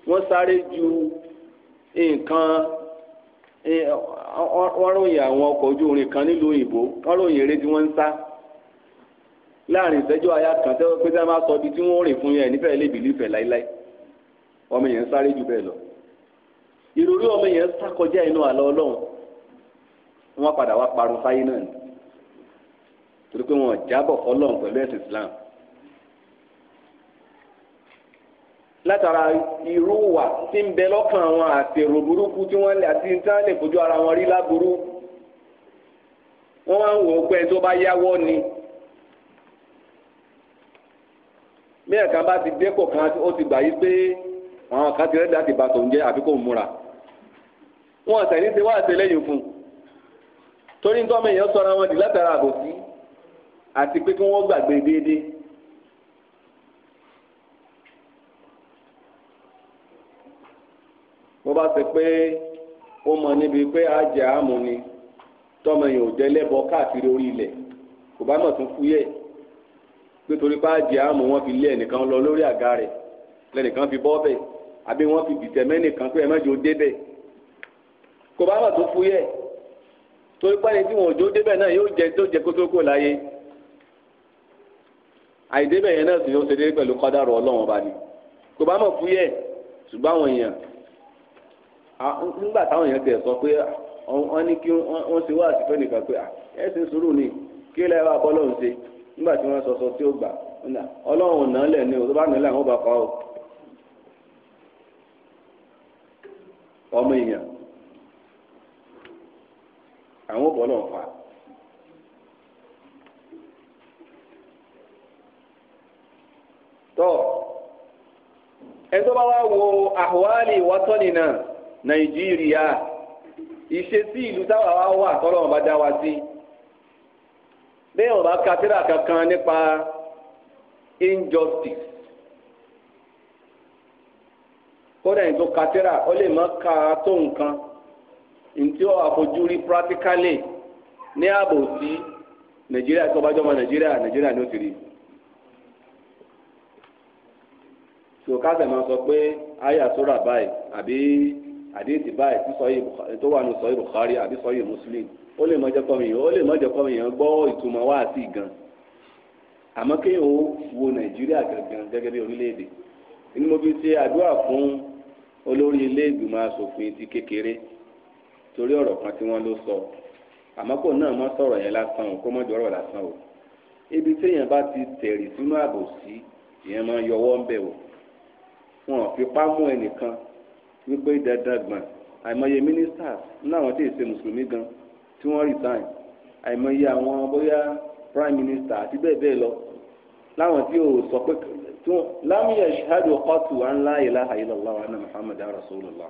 wọ́n sáré ju nǹkan wọ́n ròyìn àwọn ọkọ̀ ojú irin kan nílùú òyìnbó wọ́n ròyìn eré tí wọ́n ń sá láàrin ìṣẹ́jú àyà kan tẹ́wọ́ pé tí wọ́n bá sọ ibi tí wọ́n rìn fún yẹn nífẹ̀ẹ́ lè bìlífẹ̀ẹ́ láíláí ọmọ yẹn ń sáré jù bẹ́ẹ̀ lọ ìròrí ọmọ yẹn sákọjá inú àlọ́ ọlọ́run wọ́n padà wá parun sáyé náà ni torí pé wọ́n jábọ̀ fọlọ́run pẹ̀lú ẹ̀sìn Islam látara irú wà tí ń bẹ lọ́kàn wọn àti èrò burúkú tí wọ́n lè àti tí wọ́n lè fojú ara wọn rí láburú wọ́n máa ń wò ó pé tó bá yáwọ́ ni bí ẹ̀ka bá ti dépò kan ó ti gbà yí pé wọn àwọn kan ti rẹ́dí láti bàtò ń jẹ́ àfi kò múra wọn ọ̀sẹ̀ ní ti wá àṣẹ lẹ́yìn fún un torí ní tọ́mọ èèyàn sọra wọn di látara àbòsí àti pé kí wọ́n gbàgbé déédéé. bó bá ṣe pé ó mọ níbi pé àjẹ àmú ni tọ́mọ èèyàn ò jẹ́ káàkiri orí ilẹ̀ kò bá mọ̀ tún fúyẹ́ pé torí pé àjẹ àmú wọn fi lé ẹnìkan lọ lórí àga rẹ̀ lẹ́nìkan fi bọ́ bẹ́ẹ̀ àbí wọ́n fi bìtẹ̀ mẹ́nìkan pé ẹ má jò débẹ̀ kò bá wà tó fúyẹ́ torí pẹ́ni tí wọn ò jò débẹ̀ náà yóò jẹ tó jẹ kótókó láyé àìdébẹ̀ yẹn náà sì yóò ṣe dé pẹ̀lú kádàrá ọlọ́run ọba ni kò bá mọ̀ fúyẹ́ ṣùgbọ́n àwọn èèyàn nígbà táwọn èèyàn tẹ̀ sọ pé wọ́n ní kí wọ́n ṣe wá àtìfẹ́ nìkan pé ẹ ṣe sùúrù ni kí lẹ́ wá bọ́lọ́run ṣe nígbà tí wọ́n sọ sọ tí ó gbà ọlọ́run ò ná lẹ̀ ní o tó bá ná lẹ̀ àwọn ò bá pa ọ́ ọmọ èèyàn àwọn bọ̀ náà fà. tọ́ ẹ tó bá wá wo àhùwálì wátọ́nì náà nàìjíríà ìlú táwa wá wà kankan nípa injustice kódà ní tó ka tírà ó lè má ka tó nǹkan ntí ó àfojúrí practically ní ààbò sí nàìjíríà tó bá jọmọ nàìjíríà nàìjíríà ni ó ti rí sòkàtà máa sọ pé ayé àsúrà báyìí àbí àdéhìtì báyìí tí sọyìn tó wà ní sọyìn Bukhari àbí sọyìn Muslim ó lè má jẹ́ kọ́mìyàn ó lè má jẹ́ kọ́mìyàn gbọ́ ìtumọ̀ wá sí gan àmọ́ kéèyàn ó wo nàìjíríà gangan gẹ́gẹ́ bí orílẹ̀-èdè inú mo fi ṣe àdúrà fún olórí ilé ìgbìmọ̀ asòfin ti kékeré torí ọ̀rọ̀ kan tí wọ́n ló sọ àmọ́ kò náà má sọ̀rọ̀ yẹn lásán o kó má jọ̀rọ̀ lásán o ibi téèyàn bá ti tẹ̀rì sínú àbòsí ìyẹn máa yọwọ́ ń bẹ̀ o wọn ò fipá mú ẹnìkan wípé dandan gbọ̀n àìmọye ministers ní àwọn tí èsè mùsùlùmí gan tí wọ́n resign àìmọye àwọn bóyá prime minister àti bẹ́ẹ̀ bẹ́ẹ̀ lọ láwọn tí ò sọ pé tí wọn lámìyà ṣáàdù ọkọtù wa ńlá ilaha illallah wa anna muhammad rasulullah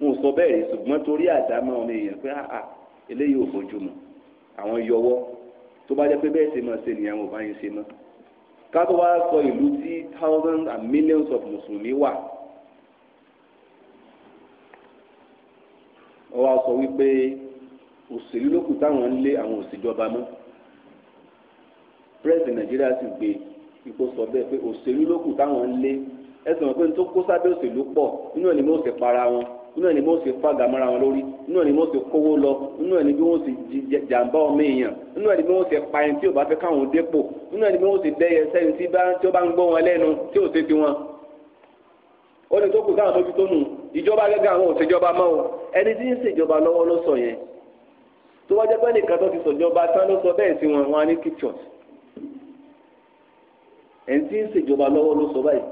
wọn sọ bẹ́ẹ̀ ṣùgbọ́n torí àdámọ́ ọmọ èèyàn pé àà ah, ah, eléyìí ò bójú mu àwọn yọwọ́ tó bá jẹ́ pé bẹ́ẹ̀ ṣe máa ṣe nìyẹn àwọn òbá yẹn ṣe mọ́ káàtó wá sọ ìlú tí thousands and millions of mùsùlùmí wà wọ́n wá sọ wípé òṣèlú lókù táwọn ń lé àwọn òṣèjọba mọ́ pírẹ́sì nàìjíríà sì gbé e ipò sọ bẹ́ẹ̀ pé òṣèlú ló kù táwọn ń lé ẹsùn pé tó kó sábẹ́ òṣèlú pọ̀ inú ẹ̀ ni wọ́n ṣe para wọn inú ẹ̀ ni wọ́n ṣe fàgà mọ́ra wọn lórí inú ẹ̀ ni wọ́n ṣe kówó lọ inú ẹ̀ ni bí wọ́n ṣe jàǹbá ọmọ èèyàn inú ẹ̀ ni bí wọ́n pa ẹni tí ò bá fẹ́ káwọn dépò inú ẹ̀ ni bí wọ́n dẹ́yẹ sẹ́ni tí ó bá ń gbọ́ wọn lẹ́nu tí ò ṣe ti wọn. ó ní tó kù sáwọn tóbi tó nù ìjọba gẹ́gẹ́ àwọn òṣèjọba mọ́ o ẹni tí ń ṣèjọba lọ́wọ́ ló sọ yẹn tó wájú pé nìkan tó ti sọ̀jọba tán ló sọ bẹ́ẹ̀ sí wọn wọn á ní kíkọ́sì ẹni tí ń ṣèjọba lọ́wọ́ ló sọ báyìí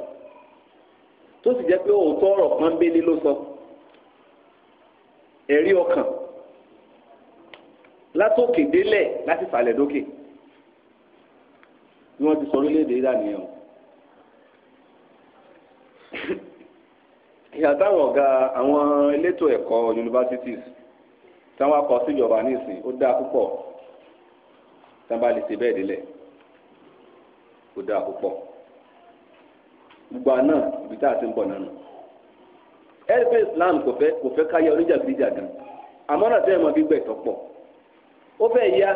tó sì jẹ́ pé òótọ́ ọ̀rọ̀ pọ́nbélé ló sọ ẹ̀rí ọkàn látòkè délẹ̀ láti sàlẹ̀ dókè ni wọ́n ti sọ orílẹ̀-èdè yìí dànìyàn o ìyá táwọn ọ̀gá àwọn elétò ẹ̀kọ́ universities táwọn akọ síjọba nísìn ó dáa púpọ̀ táwọn bá lè ṣe bẹ́ẹ̀ délẹ̀ kó ụpọ púpọ̀ gbogbo àná ibi tá a ti ń bọ̀ nánu ẹgbẹ́ Islam kò fẹ́ kò fẹ́ káyọ oníjàgídíjàgan àmọ́ náà sẹ́yìn mọ́ gbígbẹ́ ìtọ́pọ̀ ó fẹ́ ya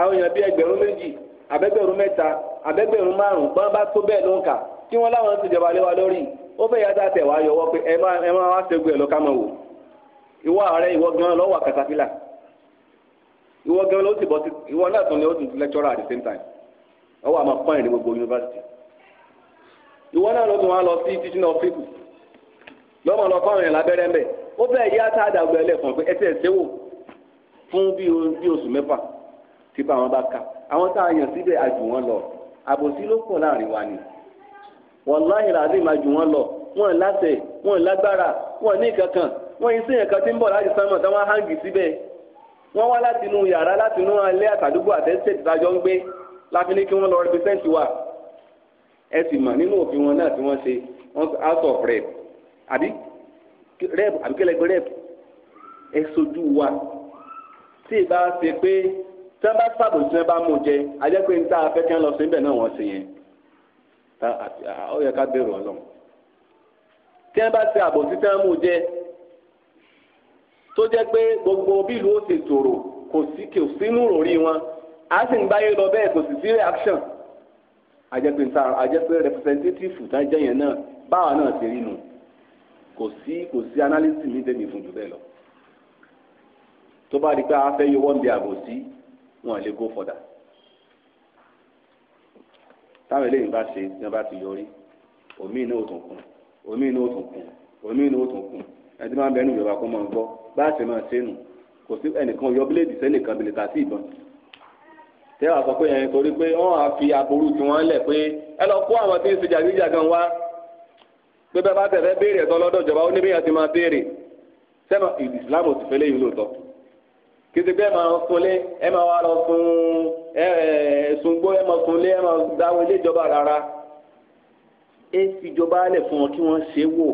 àwọn èèyàn bíi ẹgbẹ̀rún méjì abẹ́gbẹ̀rún mẹ́ta abẹ́gbẹ̀rún márùn-ún bá tó bẹ́ẹ̀ ló ń kà kí wọ́n láwọn ti jọba lé wa lórí ó fẹ́ ya pé ẹ máa katapila ìwọ gan bọ́ ìwọ náà tún ọwọ́ àmọ́ pọ́ìn ní gbogbo yunifásitì ìwọ náà ló tún wá lọ sí teaching of people lọ́mọ lọ fáwọn èèyàn lábẹ́rẹ́ ń bẹ̀ ó bẹ́ẹ̀ yá tá a dàgbà ẹlẹ́kùn pé ẹsẹ̀ ṣéwò fún bí oṣù mẹ́fà tí bá wọn bá kà àwọn tá a yàn síbẹ̀ àjù wọn lọ àbòsí ló pọ̀ láàrin wa ni wàláhì làdí máa jù wọn lọ wọn láṣẹ wọn lágbára wọn ní kankan wọn iṣẹ́ yẹn kan ti ń bọ̀ láti sánmọ̀ táwọn háǹgì síbẹ̀ wọ́n wá láti inú yàrá láti inú alẹ́ àtàdúgbò àtẹ́sẹ̀ tìtajọ́ ń gbé láti ní kí wọ́n lọ represent wa ẹ sì mọ̀ nínú òfin wọn náà tí wọ́n ṣe wọ́n house of rep àbí rep àbí kẹlẹgbẹ rep ẹ sojú wa tí ì bá ṣe pé tí wọ́n bá sábò tí wọ́n bá mú jẹ ajẹ́ pé níta afẹ́kẹ́ lọ sí ibẹ̀ náà wọ́n ṣe yẹn ó yẹ ká bẹ̀rù ọlọ́run tí wọ́n bá ṣe àbòsí tí wọ́n mú jẹ tó jẹ́ pé gbogbo bílùú ó ti tòrò kò sí kò sínú ròrí wọn a sì ń báyé lọ bẹ́ẹ̀ kò sì sí reaction àjẹpẹ́ àjẹpẹ́ representative tájẹ́ yẹn náà báwa náà ti rí nu kò sí kò sí analysis mi tẹ̀mí fún jù bẹ́ẹ̀ lọ tó bá di pé a fẹ́ yọ wọ́n bí àbòsí wọn lè go further. táwọn eléyìí bá ṣe ní wọn bá ti yọrí omi inú òtún kún omi inú òtún kún omi inú òtún kún ẹni tí wọn bẹ nínú ìjọba kó máa gbọ́ bá a ṣe máa ṣe nù kò sí ẹnìkan yọ bíléèdì sẹ́nìkan bìlẹ̀ tà ìbọn tẹ́wà sọ pé yẹn torí pé wọ́n á fi aburú tí wọ́n lẹ̀ pé ẹ lọ kó àwọn tí ń ṣe jàgídíjàgan wá pé bẹ́ẹ̀ bá tẹ̀lé béèrè ẹ̀tọ́ lọ́dọ̀ ìjọba ó ní bíyàn ti máa béèrè sẹ́mọ̀ Islam ò sì fẹ́ léyìn lóòótọ́ kété pé ẹ máa sunlé ẹ máa wá lọ sun ẹ sungbó ẹ máa sunlé ẹ máa dáwọ́ ilé ìjọba rárá ẹ fi ìjọba lẹ̀ fún wọn kí wọ́n ṣe wò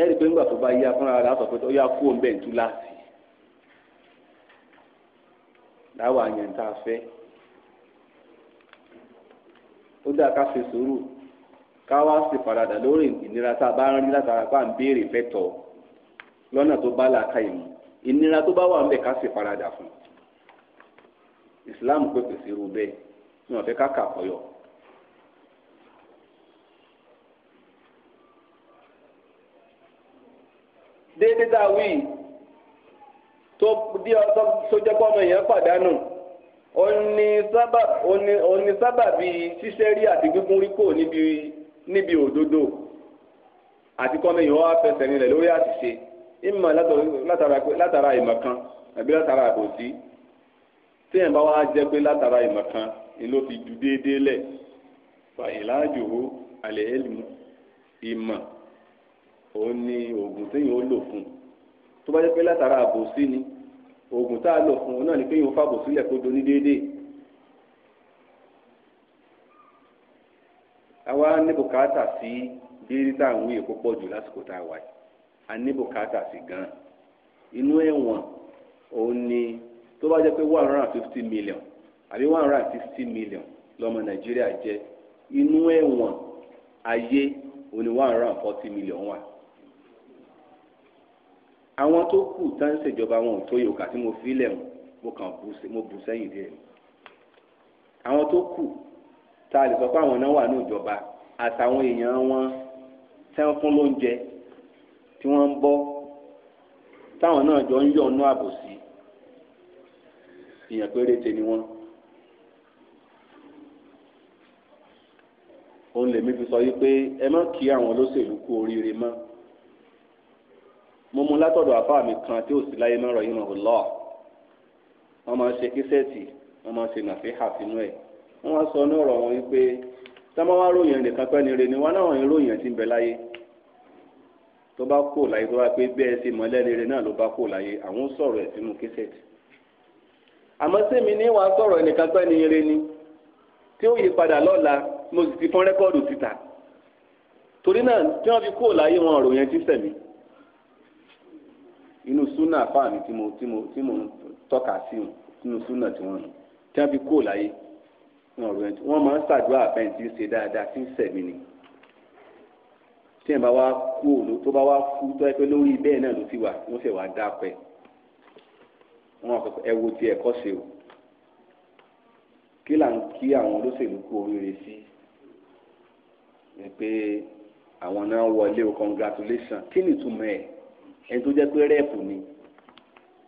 ẹ rí i pé ńgbà tó bá yá fúnra rẹ̀ á sọ pé ó yá kú òun bẹ́ẹ̀ ń tú láwọ àyàn tá a fẹ́ ó dáa ká ṣe sùúrù ká wá ṣe faradà lórí ìnira tá a bá ń rí látara bá ń béèrè fẹ́tọ̀ lọ́nà tó bá làákà ìmọ̀ ìnira tó bá wà ń bẹ̀ ká ṣe faradà fún ìsìláàmù irú ní tó di ọtọ́ sójẹ pọmọ èèyàn pàdánù òní sábàbí ṣíṣẹ́ rí àti gígùn rí kò níbi òdodo àti kọ́mọ èèyàn wá fẹsẹ̀ nílẹ̀ lórí àṣìṣe ìmọ̀ látara ìmọ̀ kan àbí látara àbòsí téèyàn bá wá jẹ́ pé látara ìmọ̀ kan ni ló fi ju déédéé lẹ̀ fa ìlàjòwò alẹ́ ẹ̀lmù ìmọ̀ òun ni oògùn téèyàn ó lò fún un tó bá jẹ́ pé látara àbòsí ni oògùn tá a lò fún un náà ni pé yóò fàbò sílẹ̀ kó do ní déédéé. àwa ní bùkátà sí bírí tá à ń wí èkó pọ̀ jù lásìkò tá a wà yìí a ní bùkátà sí gan inú ẹ̀wọ̀n òun ni tó bá jẹ́ pé one hundred and fifty million àbí one hundred and sixty million lọ́mọ nàìjíríà jẹ́ inú ẹ̀wọ̀n ayé òun ni one hundred and forty million wà. àwọn tó kù tá ń ṣèjọba wọn ò tó yẹ òkà tí mo fi lẹ̀ mo kàn mo bù sẹ́yìn díẹ̀ àwọn tó kù tá a lè sọ pé àwọn náà wà ní ìjọba àtàwọn èèyàn wọn tẹ́ ń fún lóúnjẹ tí wọ́n ń bọ́ táwọn náà jọ ń yọ̀nú àbòsí èèyàn péréte ni wọ́n. òun lèmi fi sọ yìí pé ẹ má kí àwọn olóṣèlú kú oríire mọ́ mo mú látọ̀dọ̀ àfáà mi kan tí ò sí láyé mọ́rọ̀ yìí mọ̀ lọ́ọ̀ wọ́n máa ń ṣe kíṣẹ́ẹ̀tì wọ́n máa ń ṣe nàfíhà sínú ẹ̀ wọ́n wá sọ ní ọ̀rọ̀ wọn wípé sábàwá ròyìn nìkan pẹ́ ni re ni wọn náà ń ròyìn ti ń bẹ láyé tó bá kó láyé tó bá pé bẹ́ẹ̀ ṣe mọ́lẹ́ni re náà ló bá kó láyé àwọn sọ̀rọ̀ ẹ̀ sínú kíṣẹ́ẹ̀tì àmọ́ sẹ́mi ní wàá sọ̀rọ̀ ẹnìkan pẹ́ ni re ni tí ó yí padà lọ́la mo sì ti fọ́n rẹ́kọ́ọ̀dù síta torí náà tí wọ́n fi kó láyé wọn ọ̀rọ̀ ti sẹ̀mí inú súnà fáàmì tí mo tí mo tí mo tọ́ka sí wọn inú súnà tí wọ́n tí wọ́n fi kó láyé wọn rẹ wọ́n máa ń ṣàdúrà àfẹ́yìn tí ń ṣe dáadáa tí ń sẹ̀mí ni tí ẹ̀ bá wá kú òòlù tó bá wá kú tó ẹ pé lórí bẹ́ẹ̀ náà ló ti wà wọ́n fẹ́ wàá dápẹ́ wọn ẹ wo ti ẹ̀kọ́ ṣe o kí là ń kí àwọn olóṣèlú kú oríire sí ni pé àwọn náà wọlé o congratulation kí ni ìtumọ̀ ẹ̀ ẹni tó jẹ́ pé rẹ́ẹ̀pù ni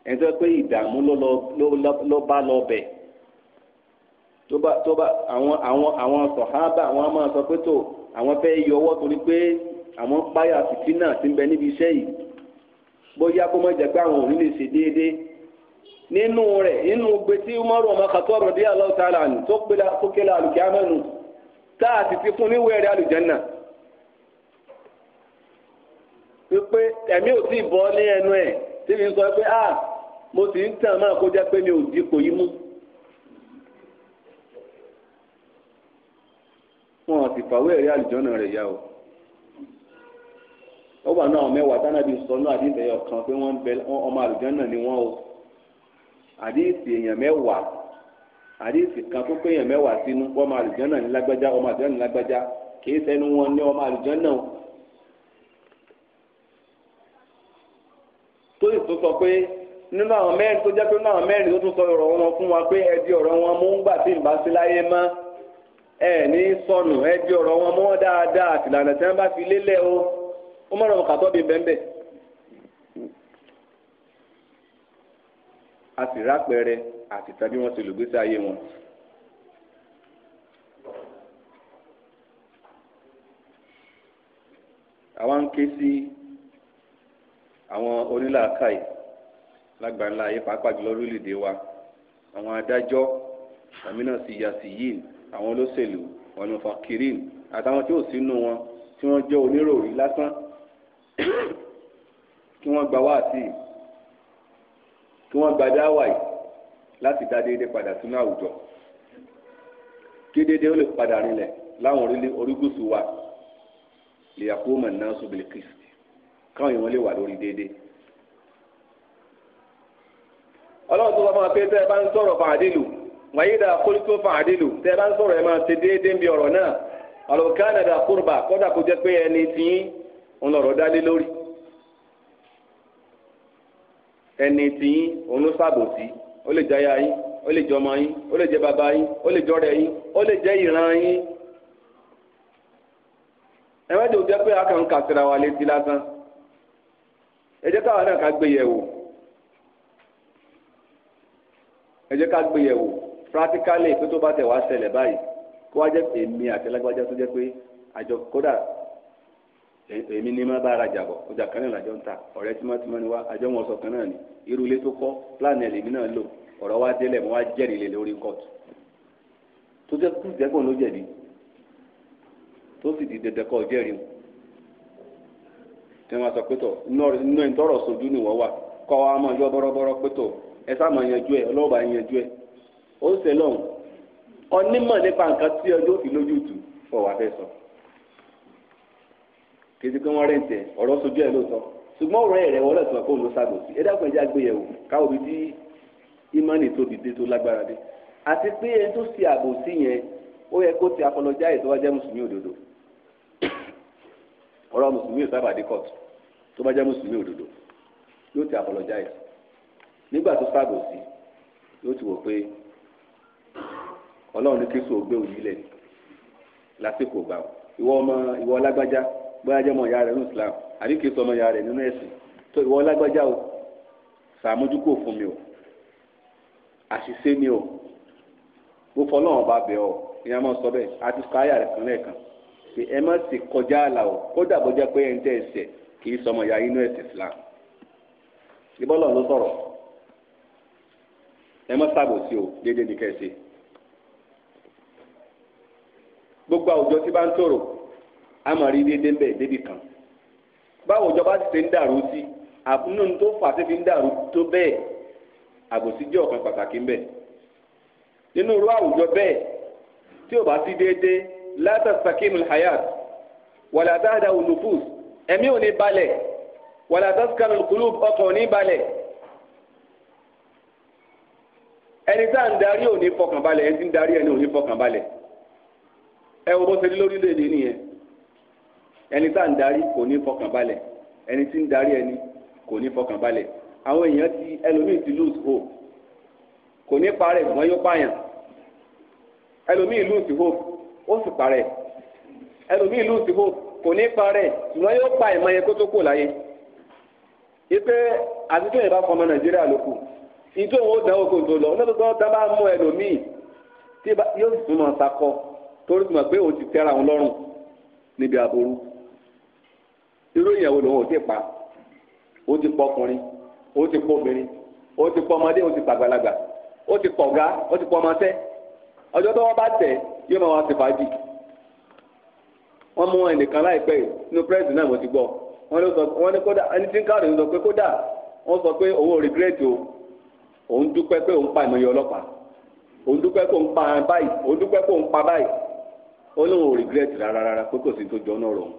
ẹni tó jẹ́ pé ìdààmú ló bá lọ bẹ̀ tó bá tó bá àwọn àwọn àwọn sọ̀hábà àwọn sọ pé tó àwọn fẹ́ yọwọ́ torí pé àwọn páyà ti ń bẹ níbi iṣẹ́ yìí bóyá kó má jẹ́ pé àwọn ò lè ṣe déédéé nínú nínú gbèsè umaru tó kéla wípé ẹ̀mí ò tí ì bọ́ ní ẹnu ẹ̀ tí mi sọ pé a ah, mo sì ń tàn máa kó jẹ́ pé mi ò dípò yìí mú. wọn ò sì fàwé ẹ̀rí àlùjọ́nà rẹ̀ yá o ó wà náà mẹ́wàá tánàbí sọnù àdìsí ẹ̀yọ̀ kan pé wọ́n ń bẹ ọmọ àlùjọ́nà ni wọ́n o àdìsí èèyàn mẹ́wàá àdìsí kan tó pé èèyàn mẹ́wàá sínú ọmọ àlùjọ́nà ní lágbájá ọmọ àlùjọ́nà ní lágbájá kì í sẹ́nu wọn ní ọmọ àlùjọ́nà o. sọ pé nínú àwọn mẹ́rin tó jẹ́ pé nínú àwọn mẹ́rin tó tún sọ ọ̀rọ̀ wọn fún wa pé ẹbí ọ̀rọ̀ wọn mú ń gbà tí ń bá sí láyé mọ́ ẹ ní sọnù ẹbí ọ̀rọ̀ wọn mọ́ dáadáa àtìlànà tí bá fi lélẹ̀ o ó mọ̀ràn kàtọ́ bíi bẹ́ńbẹ́. a sì rápẹrẹ àti tàbí wọn ti ayé wọn. àwọn ń ké sí àwọn onílàákàyè. lágbàńlá ayé pàápàá jùlọ lórílẹ̀‐èdè wa àwọn adájọ́ àmínà síyàsíyìn àwọn olóṣèlú wọn ò fàkìrín àtàwọn tí ò sínú wọn tí wọ́n jẹ́ oníròrí lásán *coughs* kí wọ́n gba wáàsí kí wọ́n gba dáwàì láti dá déédéé padà sínú àwùjọ kí déédéé ó lè padà rinlẹ̀ láwọn orígùsù wa lè àpò mọ̀ náà sóbìlì kristi káwọn èèyàn lè wà lórí déédéé. sọ fún wa pé tẹ́ ẹ bá ń sọ̀rọ̀ fàdílù wàyí dà kólító fàdílù tẹ́ ẹ bá ń sọ̀rọ̀ ẹ máa ṣe déédéé ń bi ọ̀rọ̀ náà ọ̀rọ̀ kánàdà kúrbà kọ́dà kó jẹ́ pé ẹni tí ń lọ̀rọ̀ dálé lórí ẹni tí ń ṣàbòsí ó lè jẹ́ aya ó lè jẹ́ ọmọ yín ó lè jẹ́ bàbá yín ó lè jẹ́ yín ó lè jẹ́ ìran yín ẹ má dé o jẹ́ pé a kàn ń kàtìrà wa létí lásán ẹ jẹ́ káwa náà ká gbé yẹ̀ wò. ẹ jẹ́ ká gbé yẹ̀wò practically pé tó bá tẹ̀ wá ṣẹlẹ̀ báyìí kó wá jẹ́ èmi àti lágbájá tó jẹ́ pé àjọ kódà èmi ní má bá ara ọjà kan náà làjọ ń ta ọ̀rẹ́ tímọ́tímọ́ ni wá àjọ wọn sọ kan náà ni irú ilé tó plan wa mo wá lórí tó kú ló tó sì di o sọ pé tọ nínú wa pé tọ. ẹ sáàmà yanjú ẹ ọlọ́ọ̀bà yanjú ẹ ó ń sẹlọ̀ onímọ̀ nípa nǹkan tí ọjọ́ òfin lójú tù fọ wà fẹ́ sọ kìsì pé wọ́n rẹ̀ǹtẹ̀ ọ̀rọ̀ sojú ẹ̀ lóòótọ́ ṣùgbọ́n ọ̀rẹ́ rẹ̀ wọlé sọ pé òun ló ṣàgbọ̀sí ẹ dákun ẹja gbéyẹ̀wò káwọ́ bíi tí ìmánì tóbi dé tó lágbára dé àti pé ẹni tó ṣe àbòsí yẹn ó yẹ kó ti apọlọjá ètò wájẹ́ mùsùlùmí òdodo ọ̀rọ̀ mùsùlùmí ò sábà dé kọ́ọ̀tù tó bá jẹ́ mùsùlùmí òdodo yóò ti apọlọjá ètò nígbà tó ṣàbòsí yóò ti wò pé ọlọ́run ní kristu ògbé òyìn lẹ̀ lásìkò gbà ó ìwọ ọmọ ìwọ ọlágbájá bóyá jẹ́ ọmọ ìyá rẹ̀ nínú islam àbí kìí sọ ọmọ ìyá rẹ̀ nínú ẹ̀sìn tó ìwọ ọlágbájá o ṣàmójúkò fún mi o àṣìṣe mi o mo fọlọ́run bá bẹ̀ ọ́ ìyá máa sọ bẹ́ẹ̀ àti káyà rẹ̀ kan lẹ́ẹ̀kan pé ẹ má sì kọjá àlà o ó dàbọ̀ jẹ́ pé ẹ̀ ń tẹ́ ẹ̀sẹ̀ kìí sọ ọmọ ìyá inú ẹ mọ́ ṣàbòsí o déédéé ní kẹ́sì. gbogbo àwùjọ tí bá ń tòrò a máa rí déédéé ń bẹ̀ débi kan báwo ìjọba ti ṣe ń dàrú sí àbúnú tó fà sí fi ń dàrú tó bẹ́ẹ̀ àbòsí jẹ́ ọ̀kan pàtàkì ń bẹ̀ nínú irú àwùjọ bẹ́ẹ̀ tí ò bá sí déédéé látàsàkímù hayat wàlàtàdà olùfùs ẹ̀mí ò ní balẹ̀ wàlàtàsàkímù kùlùb ọkàn ò ní balẹ̀ ẹni tá à ń darí ò ní fọkànbalẹ̀ ẹni tí ń darí ẹni ò ní fọkànbalẹ̀ ẹ wo bó ṣe rí lórílẹ̀‐èdè nìyẹn ẹni tá à ń darí kò ní fọkànbalẹ̀ ẹni tí ń darí ẹni kò ní fọkànbalẹ̀ àwọn èèyàn ti ẹlòmíì ti lose hope kò ní parẹ́ wọ́n yóò pààyàn ẹlòmíì lose hope ó sì parẹ́ ẹlòmíì lose hope kò ní parẹ́ wọ́n yóò pa ìmọ̀ yẹn kó kò ipe yẹn bá fọmọ Nàìjíríà ìjọ òun ó dáwọ́ kó tó lọ ọ̀nà tó tọ́ da bá mú ẹlòmíì tí yóò sì tún mọ̀ sakọ torí mọ̀ pé òun ti tẹ́ra òun lọ́rùn níbi aburú irú ìyàwó lòun ò ti pa ó ti pọ ọkùnrin ó ti pọ obìnrin ó ti pọ ọmọdé ó ti pàgbàlagbà ó ti pọ ọ̀gá ó ti pọ ọmọọṣẹ́ ọjọ́ tó wọ́n bá tẹ̀ yóò máa wá sí fàájì wọ́n mú ẹnìkan láìpẹ́ inú pírẹ́sì náà mo ti gbọ́ wọ́n ní kódà ẹni tí ń kárò ń sọ pé kódà wọ́n sọ pé òun rìgírẹ́tì o òun dúpẹ́ pé òun pa ìmọ̀ye ọlọ́pàá òun dúpẹ́ pé òun pa báyìí òun dúpẹ́ pé òun pa báyìí ó lóun ò regret rárá rárá pé kò sí tó jọ náà rọrùn.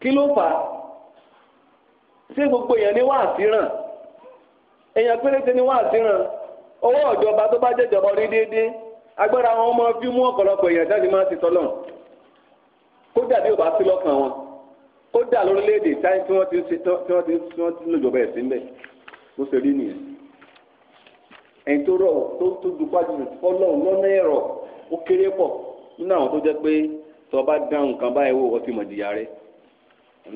kí ló fà á ṣé gbogbo èèyàn ní wáàsí ràn èèyàn péréte ní wáàsí ràn owó ọ̀jọba tó bá jẹ́ ìjọba déédéé agbára ọ̀pọ̀lọpọ̀ èèyàn jáde máa ti tọ́lọ̀ kó dàbí ò bá sí lọ́kàn O lórílẹ̀ lori táyé tí wọ́n ti ń ṣe tí wọ́n ti ń tí wọ́n ti ń ṣe rí nìyẹn tó rọ̀ tó tó dupá lọ́nà ẹ̀rọ ó kéré pọ̀ nínú àwọn tó jẹ́ pé tó bá nǹkan báyìí ti mọ̀ jìyà rẹ̀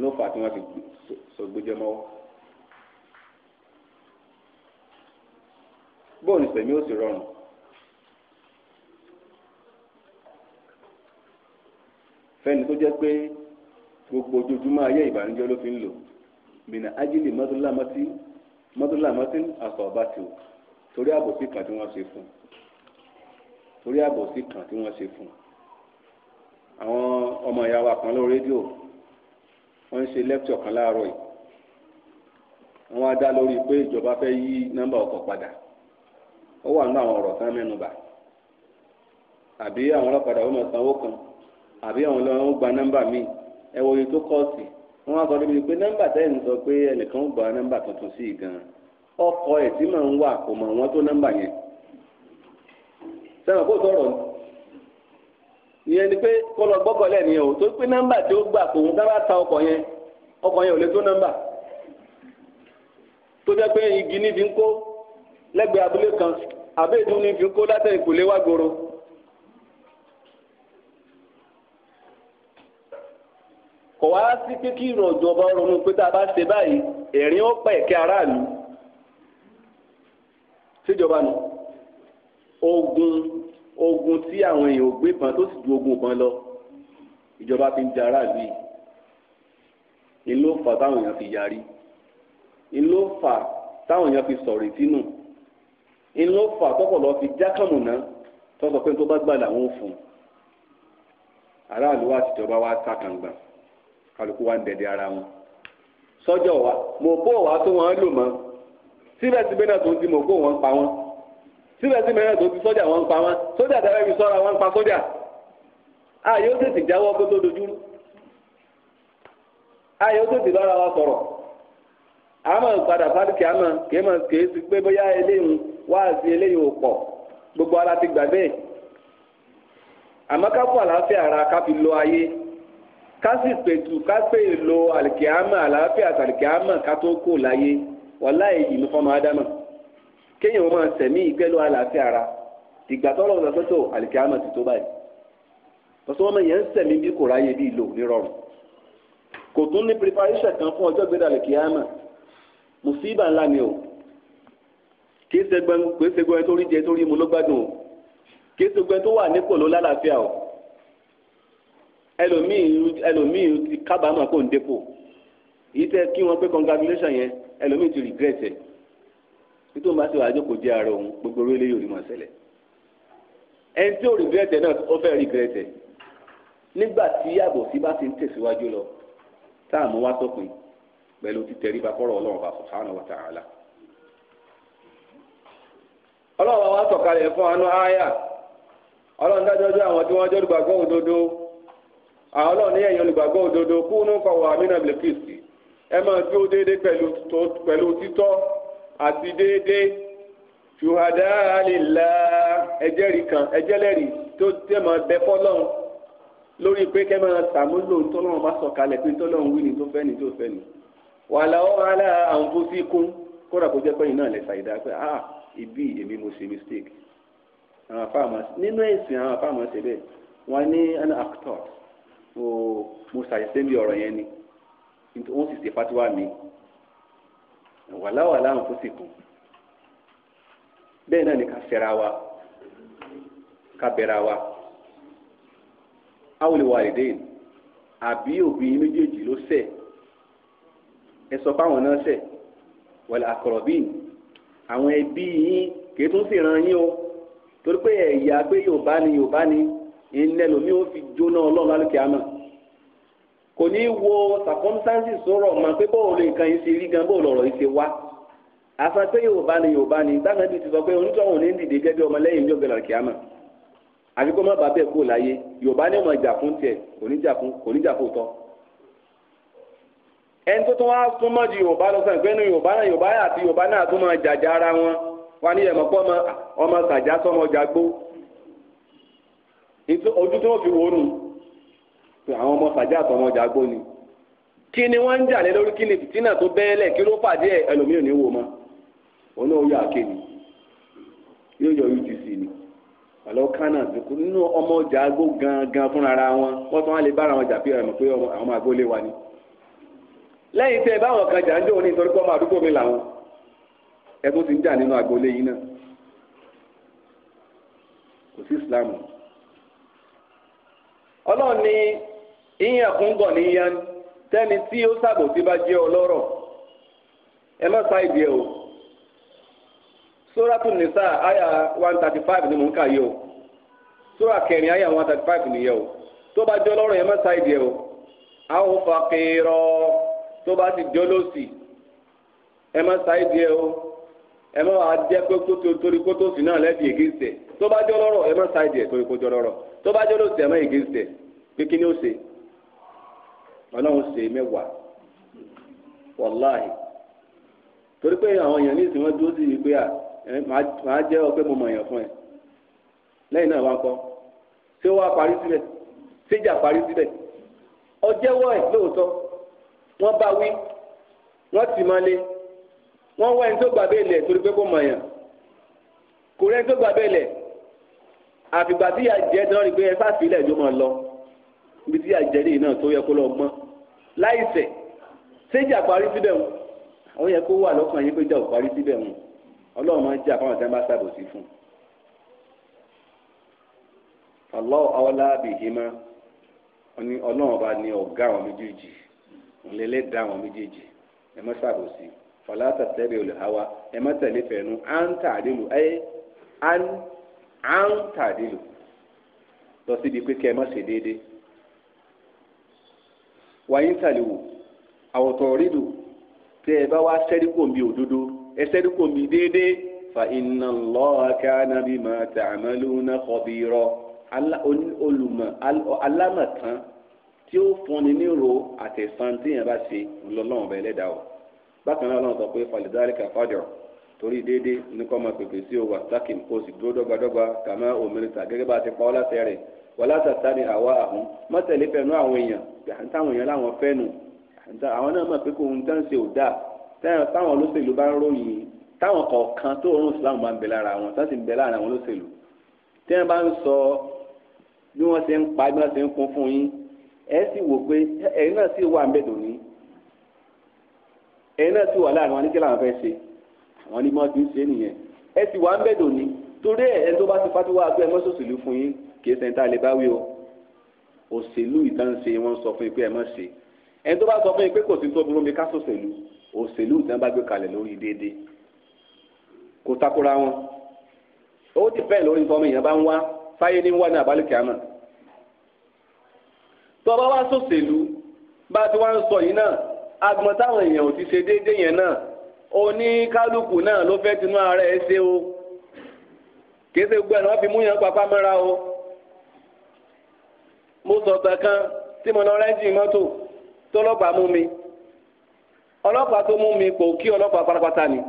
ló fà tí wọ́n gbogbo ojoojúmọ́ ayé ìbànújẹ́ ló fi ń lò mina ajílì mọ́tòlámọ́tì mọ́tòlámọ́tì o torí àbòsí kan tí wọ́n ṣe fún torí àbòsí kan tí wọ́n ṣe fún àwọn ọmọ ìyá wa kan lórí rédíò wọ́n ń ṣe kan láàárọ̀ yìí wọ́n á dá lórí pé ìjọba fẹ́ yí nọ́mbà ọkọ̀ padà ó wà nínú àwọn ọ̀rọ̀ tán mẹ́nu bà àbí àwọn ó mọ̀ sanwó kan àbí àwọn ọlọ́run gba ẹ̀wọ̀ yìí tó kọ́ọ̀sì wọ́n wá sọ níbi pé nọ́mbà tẹ́yìn sọ pé ẹnìkan ń bọ̀ á nọ́mbà tuntun sí i gan-an ọkọ̀ ẹ̀ tí màá ń wà kò mọ̀ wọ́n tó nọ́mbà yẹn sẹ́wọ̀n kó sọ̀rọ̀ ìyẹn ni pé kó lọ gbọ́kọ̀ lẹ́ni o tó pé nọ́mbà tí ó gbà kò ń dábà ta ọkọ̀ yẹn ọkọ̀ yẹn ò lè tó nọ́mbà tó jẹ́ pé igi ní fi ń kó lẹ́gbẹ̀ẹ́ abúlé kan àbẹ́ẹ̀dún ní fi ń kó látẹ̀yìn kò wá gbòòrò kò wá sí pé kí ìrìn òjọba ronú pé tá a bá ṣe báyìí ẹ̀rín ó pẹ̀ kí aráàlú síjọba nù ogun ogun tí àwọn èèyàn gbé ìbọn tó sì ju ogun ìbọn lọ ìjọba fi ń jẹ aráàlú yìí ni ló fà táwọn èèyàn fi yarí ni ló fà táwọn èèyàn fi sọ̀rọ̀ ìtínú ni ló fà tọpọlọ fi jákàmùnà tọ́sọ pé tó bá gbà làwọn ò fún aráàlú wa àtijọba wa ta kàngbà kálukú wa ń dẹ̀dẹ̀ ara wọn sọ́jọ́ wa mò bó wa tó wọn lò mọ́ síbẹ̀síbẹ̀ náà tó ń di mò bó wọn pa wọn síbẹ̀síbẹ̀ náà tó ń di sọ́jà wọn pa wọn sọ́jà tẹ́lẹ̀ fi sọ́ra wọn pa sọ́jà ààyè ó tètè jáwọ́ kó tó dojúrú ààyè ó tètè lọ́ra wa sọ̀rọ̀ àmọ́ ìpadà fáríkì àmọ́ kìí mọ̀ kìí ti pé bóyá eléyìí wá sí eléyìí ò pọ̀ gbogbo ara ti gbà bẹ́ẹ̀ àmọ́ ká fún àlàáfíà ara ká fi lo ayé kásì pẹ̀tù kápẹ́ èlò àlìkíámà àlàáfíà àtàlìkíámà kátó kato láyé wàhálà èyí ní fọmọ ádámà kéèyàn wọn máa tẹ̀mí ìgbẹ́lú àlàáfíà ara ìgbà tó lọ́wọ́ sọ́tò àlìkíámà ti tó báyìí pọ̀sọ́ wọn yẹn ń sẹ̀mí bí kò ráyè bí ìlò nírọ̀rùn kò tún ní preparation kan fún ọjọ́ gbéra àlìkíámà mùsíbà ńlá ni o kì í ṣe gbẹ́ngbẹ́ tó rí jẹ mu ló gbádùn o kì í tó wà nípò ló lálàáfíà o ẹlòmíì ẹlòmíì ti kábàámọ̀ kó ń dépò èyí tẹ kí wọn pé congratulation yẹn ẹlòmíì ti regret ẹ nítorí wọn bá ti wà ájókòó jẹ ara òun gbogbo orí eléyìí ò ní máa ṣẹlẹ̀ ẹni tí ó regret ẹ náà ó fẹ́ regret ẹ nígbà tí yàgò sí bá ti ń tẹ̀síwájú lọ táàmù wá sópin pẹ̀lú títẹríba fọ́rọ̀ ọlọ́run bá subhanahu wa ta'ala ọlọ́run wa sọ̀kalẹ̀ fún anú áyà ọlọ́run dájọ́jọ́ àwọn tí wọ́n jọ́dúgbàgbọ́ òdodo àwọn náà ní ẹ̀yin olùgbàgbọ́ òdodo kúnú kọ̀wọ́ amínà bilkisti ẹ máa dúró déédéé pẹ̀lú títọ́ àti déédéé ṣùhàdá àlèlà ẹjẹ́rìí kan ẹjẹ́lẹ́rìí tó tẹ̀ máa bẹ fọ́lọ́run lórí pé kẹ́ máa sàmúlò tọ́lọ́run bá sọ̀kalẹ̀ pé tọ́lọ́run wí ni tó fẹ́ ni tó fẹ́ ni wàhálà ọ̀hún alá àwọn tó sí kún kódà kó jẹ́ pẹ́yìn náà lẹ́sà ìdá pé ah ibi èmi mo ṣe mistake àwọn afáàmọ́ nínú ẹ̀sìn àwọn afáàmọ́ ṣe bẹ́ẹ̀ wọ́n ní an actor so mo ṣàyẹ̀sẹ́ mi ọ̀rọ̀ yẹn ni wọ́n sì ṣe fatiwa mi wàláwàlá àwọn tó sì bẹ́ẹ̀ náà ni ká fẹ́ra wa ká bẹ̀ra wa awolè wa lè déyìn àbí òbí méjèèjì ló ṣẹ̀ ẹ sọ fáwọn náà ṣẹ̀ wàlẹ àkọrọbìn àwọn ẹbí yín kìí tún fìràn yín o torí pé ẹ̀yà pé Yorùbá ni Yorùbá ni ìnẹlòmí ó fi jóná Ọlọ́run lálùkẹ́ àmọ́ kò ní wo circumstances sọ̀rọ̀ mọ́ pé bó o lè kàn yín ṣe rí gan bó o lọ̀rọ̀ yín ṣe wá àfa pé yorùbá ni yorùbá ni sọ pé onítọ̀hún ní dìde gẹ́gẹ́ ní àfi kó bẹ́ẹ̀ kó láyé yorùbá ni ọmọ ìjà fún tiẹ̀ kò ní jà fún kò ní jà ẹni tó tún wá yorùbá lọ sàn pé ní ẹ̀mọ́ ọmọ sàjà sọmọ ojú àwọn ọmọ fàjà àtọmọ ọjà gbó ni kí ni wọ́n ń jà lé lórí kí ni fìtínà tó bẹ́ẹ̀lẹ̀ kí ló fàdé ẹlòmíràn ní wò mọ́ òun náà yọ yọ UGC ni àlọ́ kánà dùkú nínú ọmọ ọjà gangan fúnra wọn wọn jà pé pé àwọn lẹ́yìn tẹ́ báwọn kan jà ń ní àdúgbò mi làwọn ẹ ti ń jà nínú ihe kún gọ̀ níyan tẹ́ni tí ó ṣàbòsí bá jẹ́ ọlọ́rọ̀ ẹ má sa o sóràtún nìsa àyà one thirty five ni mò ń kà o kẹrin àyà one thirty five o tó bá jẹ́ ọlọ́rọ̀ ẹ má sa ìdí ẹ o àwọn fàkìrọ̀ tó bá ti jẹ́ olóòsì ẹ má ẹ o ẹ má wàá jẹ́ pé kótó torí kótó sí náà lẹ́bi ègéṣẹ̀ tó bá jẹ́ ọlọ́rọ̀ ẹ má sa ìdí ẹ torí ọlọ́rọ̀ tó bá jẹ́ olóòsì ẹ má ọlọ́run ṣe mẹ́wàá wàláì torí pé àwọn èèyàn ní ìsìn wọn dúró sí i pé màá jẹ́ ọ pé mo mọ̀ èèyàn fún ẹ lẹ́yìn náà wá kọ́ ṣé wàá parí síbẹ̀ ṣéjà parí síbẹ̀ ọjẹ́wọ́ ẹ̀ lóòótọ́ wọ́n bá wí wọ́n tì máa lé wọ́n wá ẹni tó gbà bẹ́ẹ̀ lẹ̀ torí pé kò mọ̀ èèyàn kò rẹ́ni tó gbà bẹ́ẹ̀ lẹ̀ àfìgbà tí ìyá jẹ́ dán rí pé ẹ sáà sílẹ̀ ló máa bí tí àjẹrí náà tó yẹ kó lọ gbọ́n láìsẹ̀ séjà parí síbẹ̀ wọn ó yẹ kó wà lọ́kàn yín pé jà ò parí síbẹ̀ wọn ọlọ́run máa ń jà fún un. Allah ọlá bìhímá ni ọlọ́run ọba ni ọ̀gá àwọn méjèèjì dá àwọn méjèèjì ẹ ẹ tẹ̀lé fẹ̀nu à ń à ń lọ síbi ẹ má ṣe déédéé. wàyí ń tàlẹ́wò àwọ̀tọ̀ rídò tẹ́ ẹ bá wá sẹ́ríkò mi òdodo ẹ sẹ́ríkò mi déédéé fa inna Allaha kana bima ta'maluna khabira olùmọ̀ alámọ̀tán tí ó fúnni ní ro àtẹ̀sán téèyàn bá ṣe ńlọ́lọ́run ọba ẹlẹ́dàá o bákan náà ọlọ́run sọ pé falidhalika fad'u torí déédéé ní máa pèpè sí o wà kó o sì dúró dọ́gbadọ́gba kàmá òmìnira gẹ́gẹ́ bá a ti pa ọ́ láṣẹ rẹ̀ wọlé àtàtàrí àwa àhún mọ́tẹ̀lé fẹ́nu àwọn èèyàn àtàwọn èèyàn láwọn fẹ́nu àwọn náà mọ̀ pé kò ń tán ṣe ò dáa táwọn olóṣèlú bá ń ròyìn táwọn kọ̀ọ̀kan tó rún Islam bá ń bẹ lára wọn tó sì ń bẹ lára àwọn olóṣèlú tí wọ́n bá ń sọ bí wọ́n ṣe ń pa bí wọ́n ṣe ń kún fún yín ẹ sì wò pé ẹ̀yin náà sì wà ń bẹ dòní ẹ̀yin náà sì wà láàrin wọn ní kí làwọn ṣe àwọn ní ti ń ṣe nìyẹn ẹ sì wà ń bẹ dòní torí ẹ̀ ẹ̀ tó bá ti fatiwa abẹ́ mọ́sọ̀sì lù fún yín kì í ṣe níta lè bá wí o òṣèlú ìtànṣe wọn sọ fún yín pé ẹ má ṣe ẹni tó bá sọ fún yín pé kò sí tó burú mi ká sòṣèlú òṣèlú ìtàn bá gbé kalẹ̀ lórí déédéé kò takora wọn ó ti fẹ́ lórí nǹkan ọmọ èèyàn bá ń wá sáyé ní wá ní àbálẹ̀ kíámà tó bá wá sòṣèlú bá ti wá ń sọ yìí náà agbọn táwọn èèyàn ò ti ṣe déédéé yẹn náà oníkálukú náà ló fẹ́ tinú ara ẹ ṣe o kì í ṣe gbogbo ẹ̀ ni wọ́n fi mú yẹn papá mọ́ra o mo sọ̀tàn kan tí mo lọ rẹ́ńjì mọ́tò tọ́lọ́pàá mú mi ọlọ́pàá tó mú mi kò kí ọlọ́pàá pátápátá ni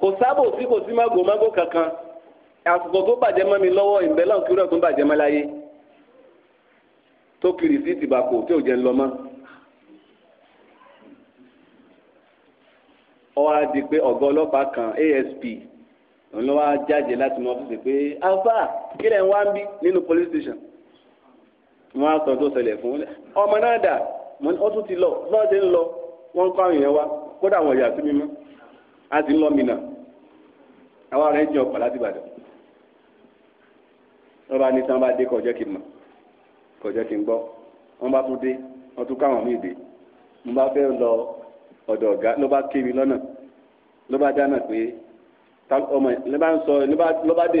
kò sábò sí kò sí mágò mágò kankan àsìkò tó bàjẹ́ mọ́ mi lọ́wọ́ ìbẹ́lẹ̀ òkè rẹ̀ tó bàjẹ́ mọ́ láyé tó kiri sí tìbàkù tí ò jẹ́ ń lọ mọ́. ó wá di pé ọ̀gá ọlọ́pàá kan ASP òun ló wá jáde láti mú ọ́fíìsì pé alfa kí lẹ̀ ń wá ń bí nínú police station wọn á sọ tó ṣẹlẹ̀ fún un ọmọ náà dà ó tún ti lọ lọ́ọ̀dẹ ń lọ wọ́n ń kọ́ àwọn èèyàn wa kódà àwọn ìyá sí mi mọ́ a ti ń lọ mìíràn àwọn ọ̀rẹ́ jẹ́ ọ̀pọ̀ láti Ìbàdàn wọ́n bá ní tí wọ́n bá dé kọjá kí n mọ̀ kọjá kí n gbọ́ wọ́n bá tún dé wọ́n tún káwọn míì dé mo bá fẹ́ lọ ọ̀dọ̀ ọ̀gá ló bá ké lọ́nà ló bá dáná pé ọmọ ló bá ń sọ ló bá dé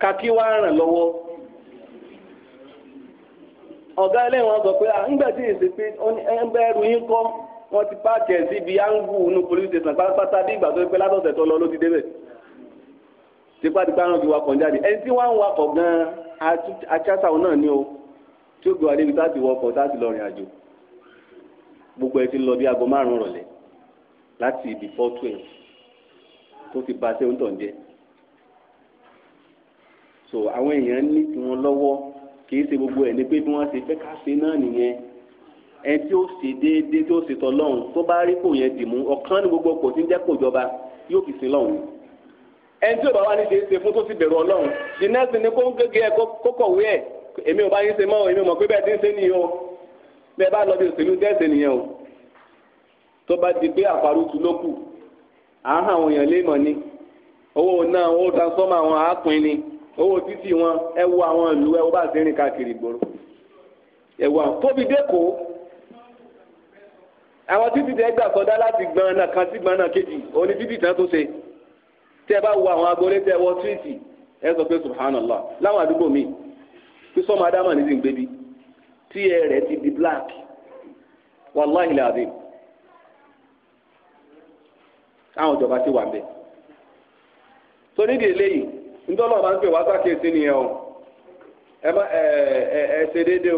kakí wá ràn lọ́wọ́ ọ̀gá ẹlẹ́wọ̀n sọ pé ńgbà tí èsì pé ẹ̀rù yín kọ́ wọ́n ti páàkì ẹ̀ síbi áńgù inú police station pátápátá bí ìgbà tó pé látọ̀sẹ̀ tó lọ ló ti débẹ̀ tipátipá náà fi wakọ̀ jáde ẹni tí wọ́n ń wakọ̀ gan-an achásàwọn náà ni o tí ó gbé wa débi táti wọkọ̀ táti lọ rìn àjò gbogbo ẹ ti lọ bí aago márùn-ún rọ̀lẹ́ láti before twelve tó fi ba ṣé ń jẹ́ so àwọn èèyàn ní tiwọn lọ́wọ́ kì í ṣe gbogbo ẹ̀ ní pé bí wọ́n ṣe fẹ́ ká ṣe náà nìyẹn ẹni tí ó ṣe déédéé tí ó ṣe tọ́ lọ́hùn tó bá rí kò yẹn dìmú ọ̀kan ní gbogbo kò tí ń jẹ́ kò jọba yóò fi sin lọ́hùn ẹni tí ò bá wá ní ṣe é ṣe fún tó ti bẹ̀rù ọlọ́hùn the next ni kó ń gégé ẹ kó kọ̀wé ẹ̀ èmi ò bá yín ṣe mọ́ èmi mọ̀ pé bẹ́ẹ̀ ti ń ṣe nìyẹn o bẹ́ẹ̀ bá o tó owó títì wọn ẹ wo àwọn ìlú ẹ wo bá ṣe rìn káàkiri ìgboro ẹ wo àwọn tóbi dẹ́kọ̀ àwọn títì tẹ gbà kọjá láti gbọn náà kan sí gbọn náà kejì òní títì tán tó ṣe tẹ bá wo àwọn agboolé tẹ wọ tíìtì ẹ sọ pé subhanallah láwọn àdúgbò mi kí sọmọ adámọ ní sì ń gbébi tí ẹ rẹ ti di black wàláhi làdé àwọn ìjọba ti wà ń bẹ so nídìí eléyìí. ńdọ́lọ́ máa nke wata wá esi n'ihe o ẹ má ẹ ẹ ẹ ṣe déédéé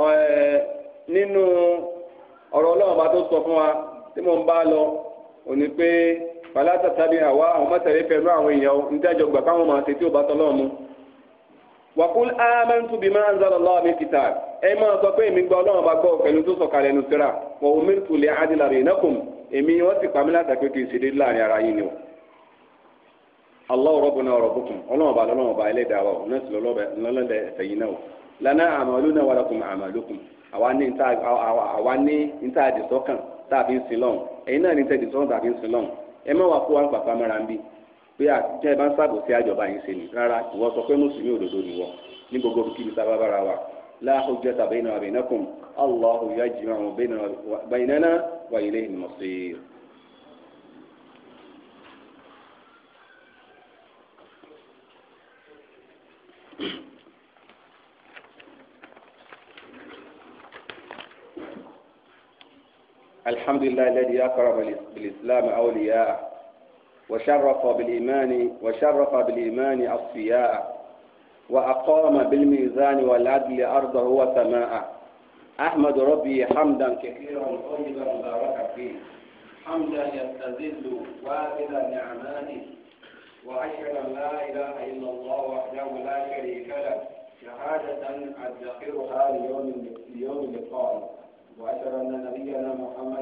o ẹ nínú ọ̀rọ̀ ọlọ́run tó sọ fún wa tí mò ń bá lọ òní pé tàbí àwa àwọn àwọn èèyàn káwọn máa wàkúl ámẹ́ntù lọ́wọ́ mi kìtà ẹ máa sọ pé èmi gba ọlọ́run bá gbọ́ pẹ̀lú tó nù síra wọ́n adìlà rẹ̀ nẹ́kùn èmi wọ́n ti pàmílà kì í ṣe láàrin Allahu rabbuna wa rabbukum ọlọ́wọ́n bá lọ́wọ́n bá ẹlẹ́dàá wa ọ̀nà sì lọ́lọ́dẹ ẹ̀fẹ̀yìn náà lana amaluna wa lakum amalukum àwa ní níta àdìsọ́kàn tá a fi ń sin lọ́hùn ẹ̀yin náà ní níta àdìsọ́kàn tá a fi ń sin lọ́hùn ẹ má wàá kó wa ń pàpà mọ́ra ń bí pé àtijọ́ ẹ bá ń sábò sí àjọba yìí ṣe ni rárá ìwọ sọ pé mùsùlùmí òdodo nìwọ ní gbogbo kíbi sábà bára wa la hujjata baynana wa baynakum Allahu yajma'u baynana wa ilayhi al-masir. الحمد لله الذي أكرم بالإسلام أولياءه وشرف بالإيمان وشرف بالإيمان أصفياءه وأقام بالميزان والعدل أرضه وسماءه أحمد ربي حمدا كثيرا طيبا مباركا فيه حمدا يستذل وابدا نعمان وأشهد أن لا إله إلا الله وحده لا شريك له شهادة أدخرها ليوم ليوم اللقاء وأشهد أن نبينا محمد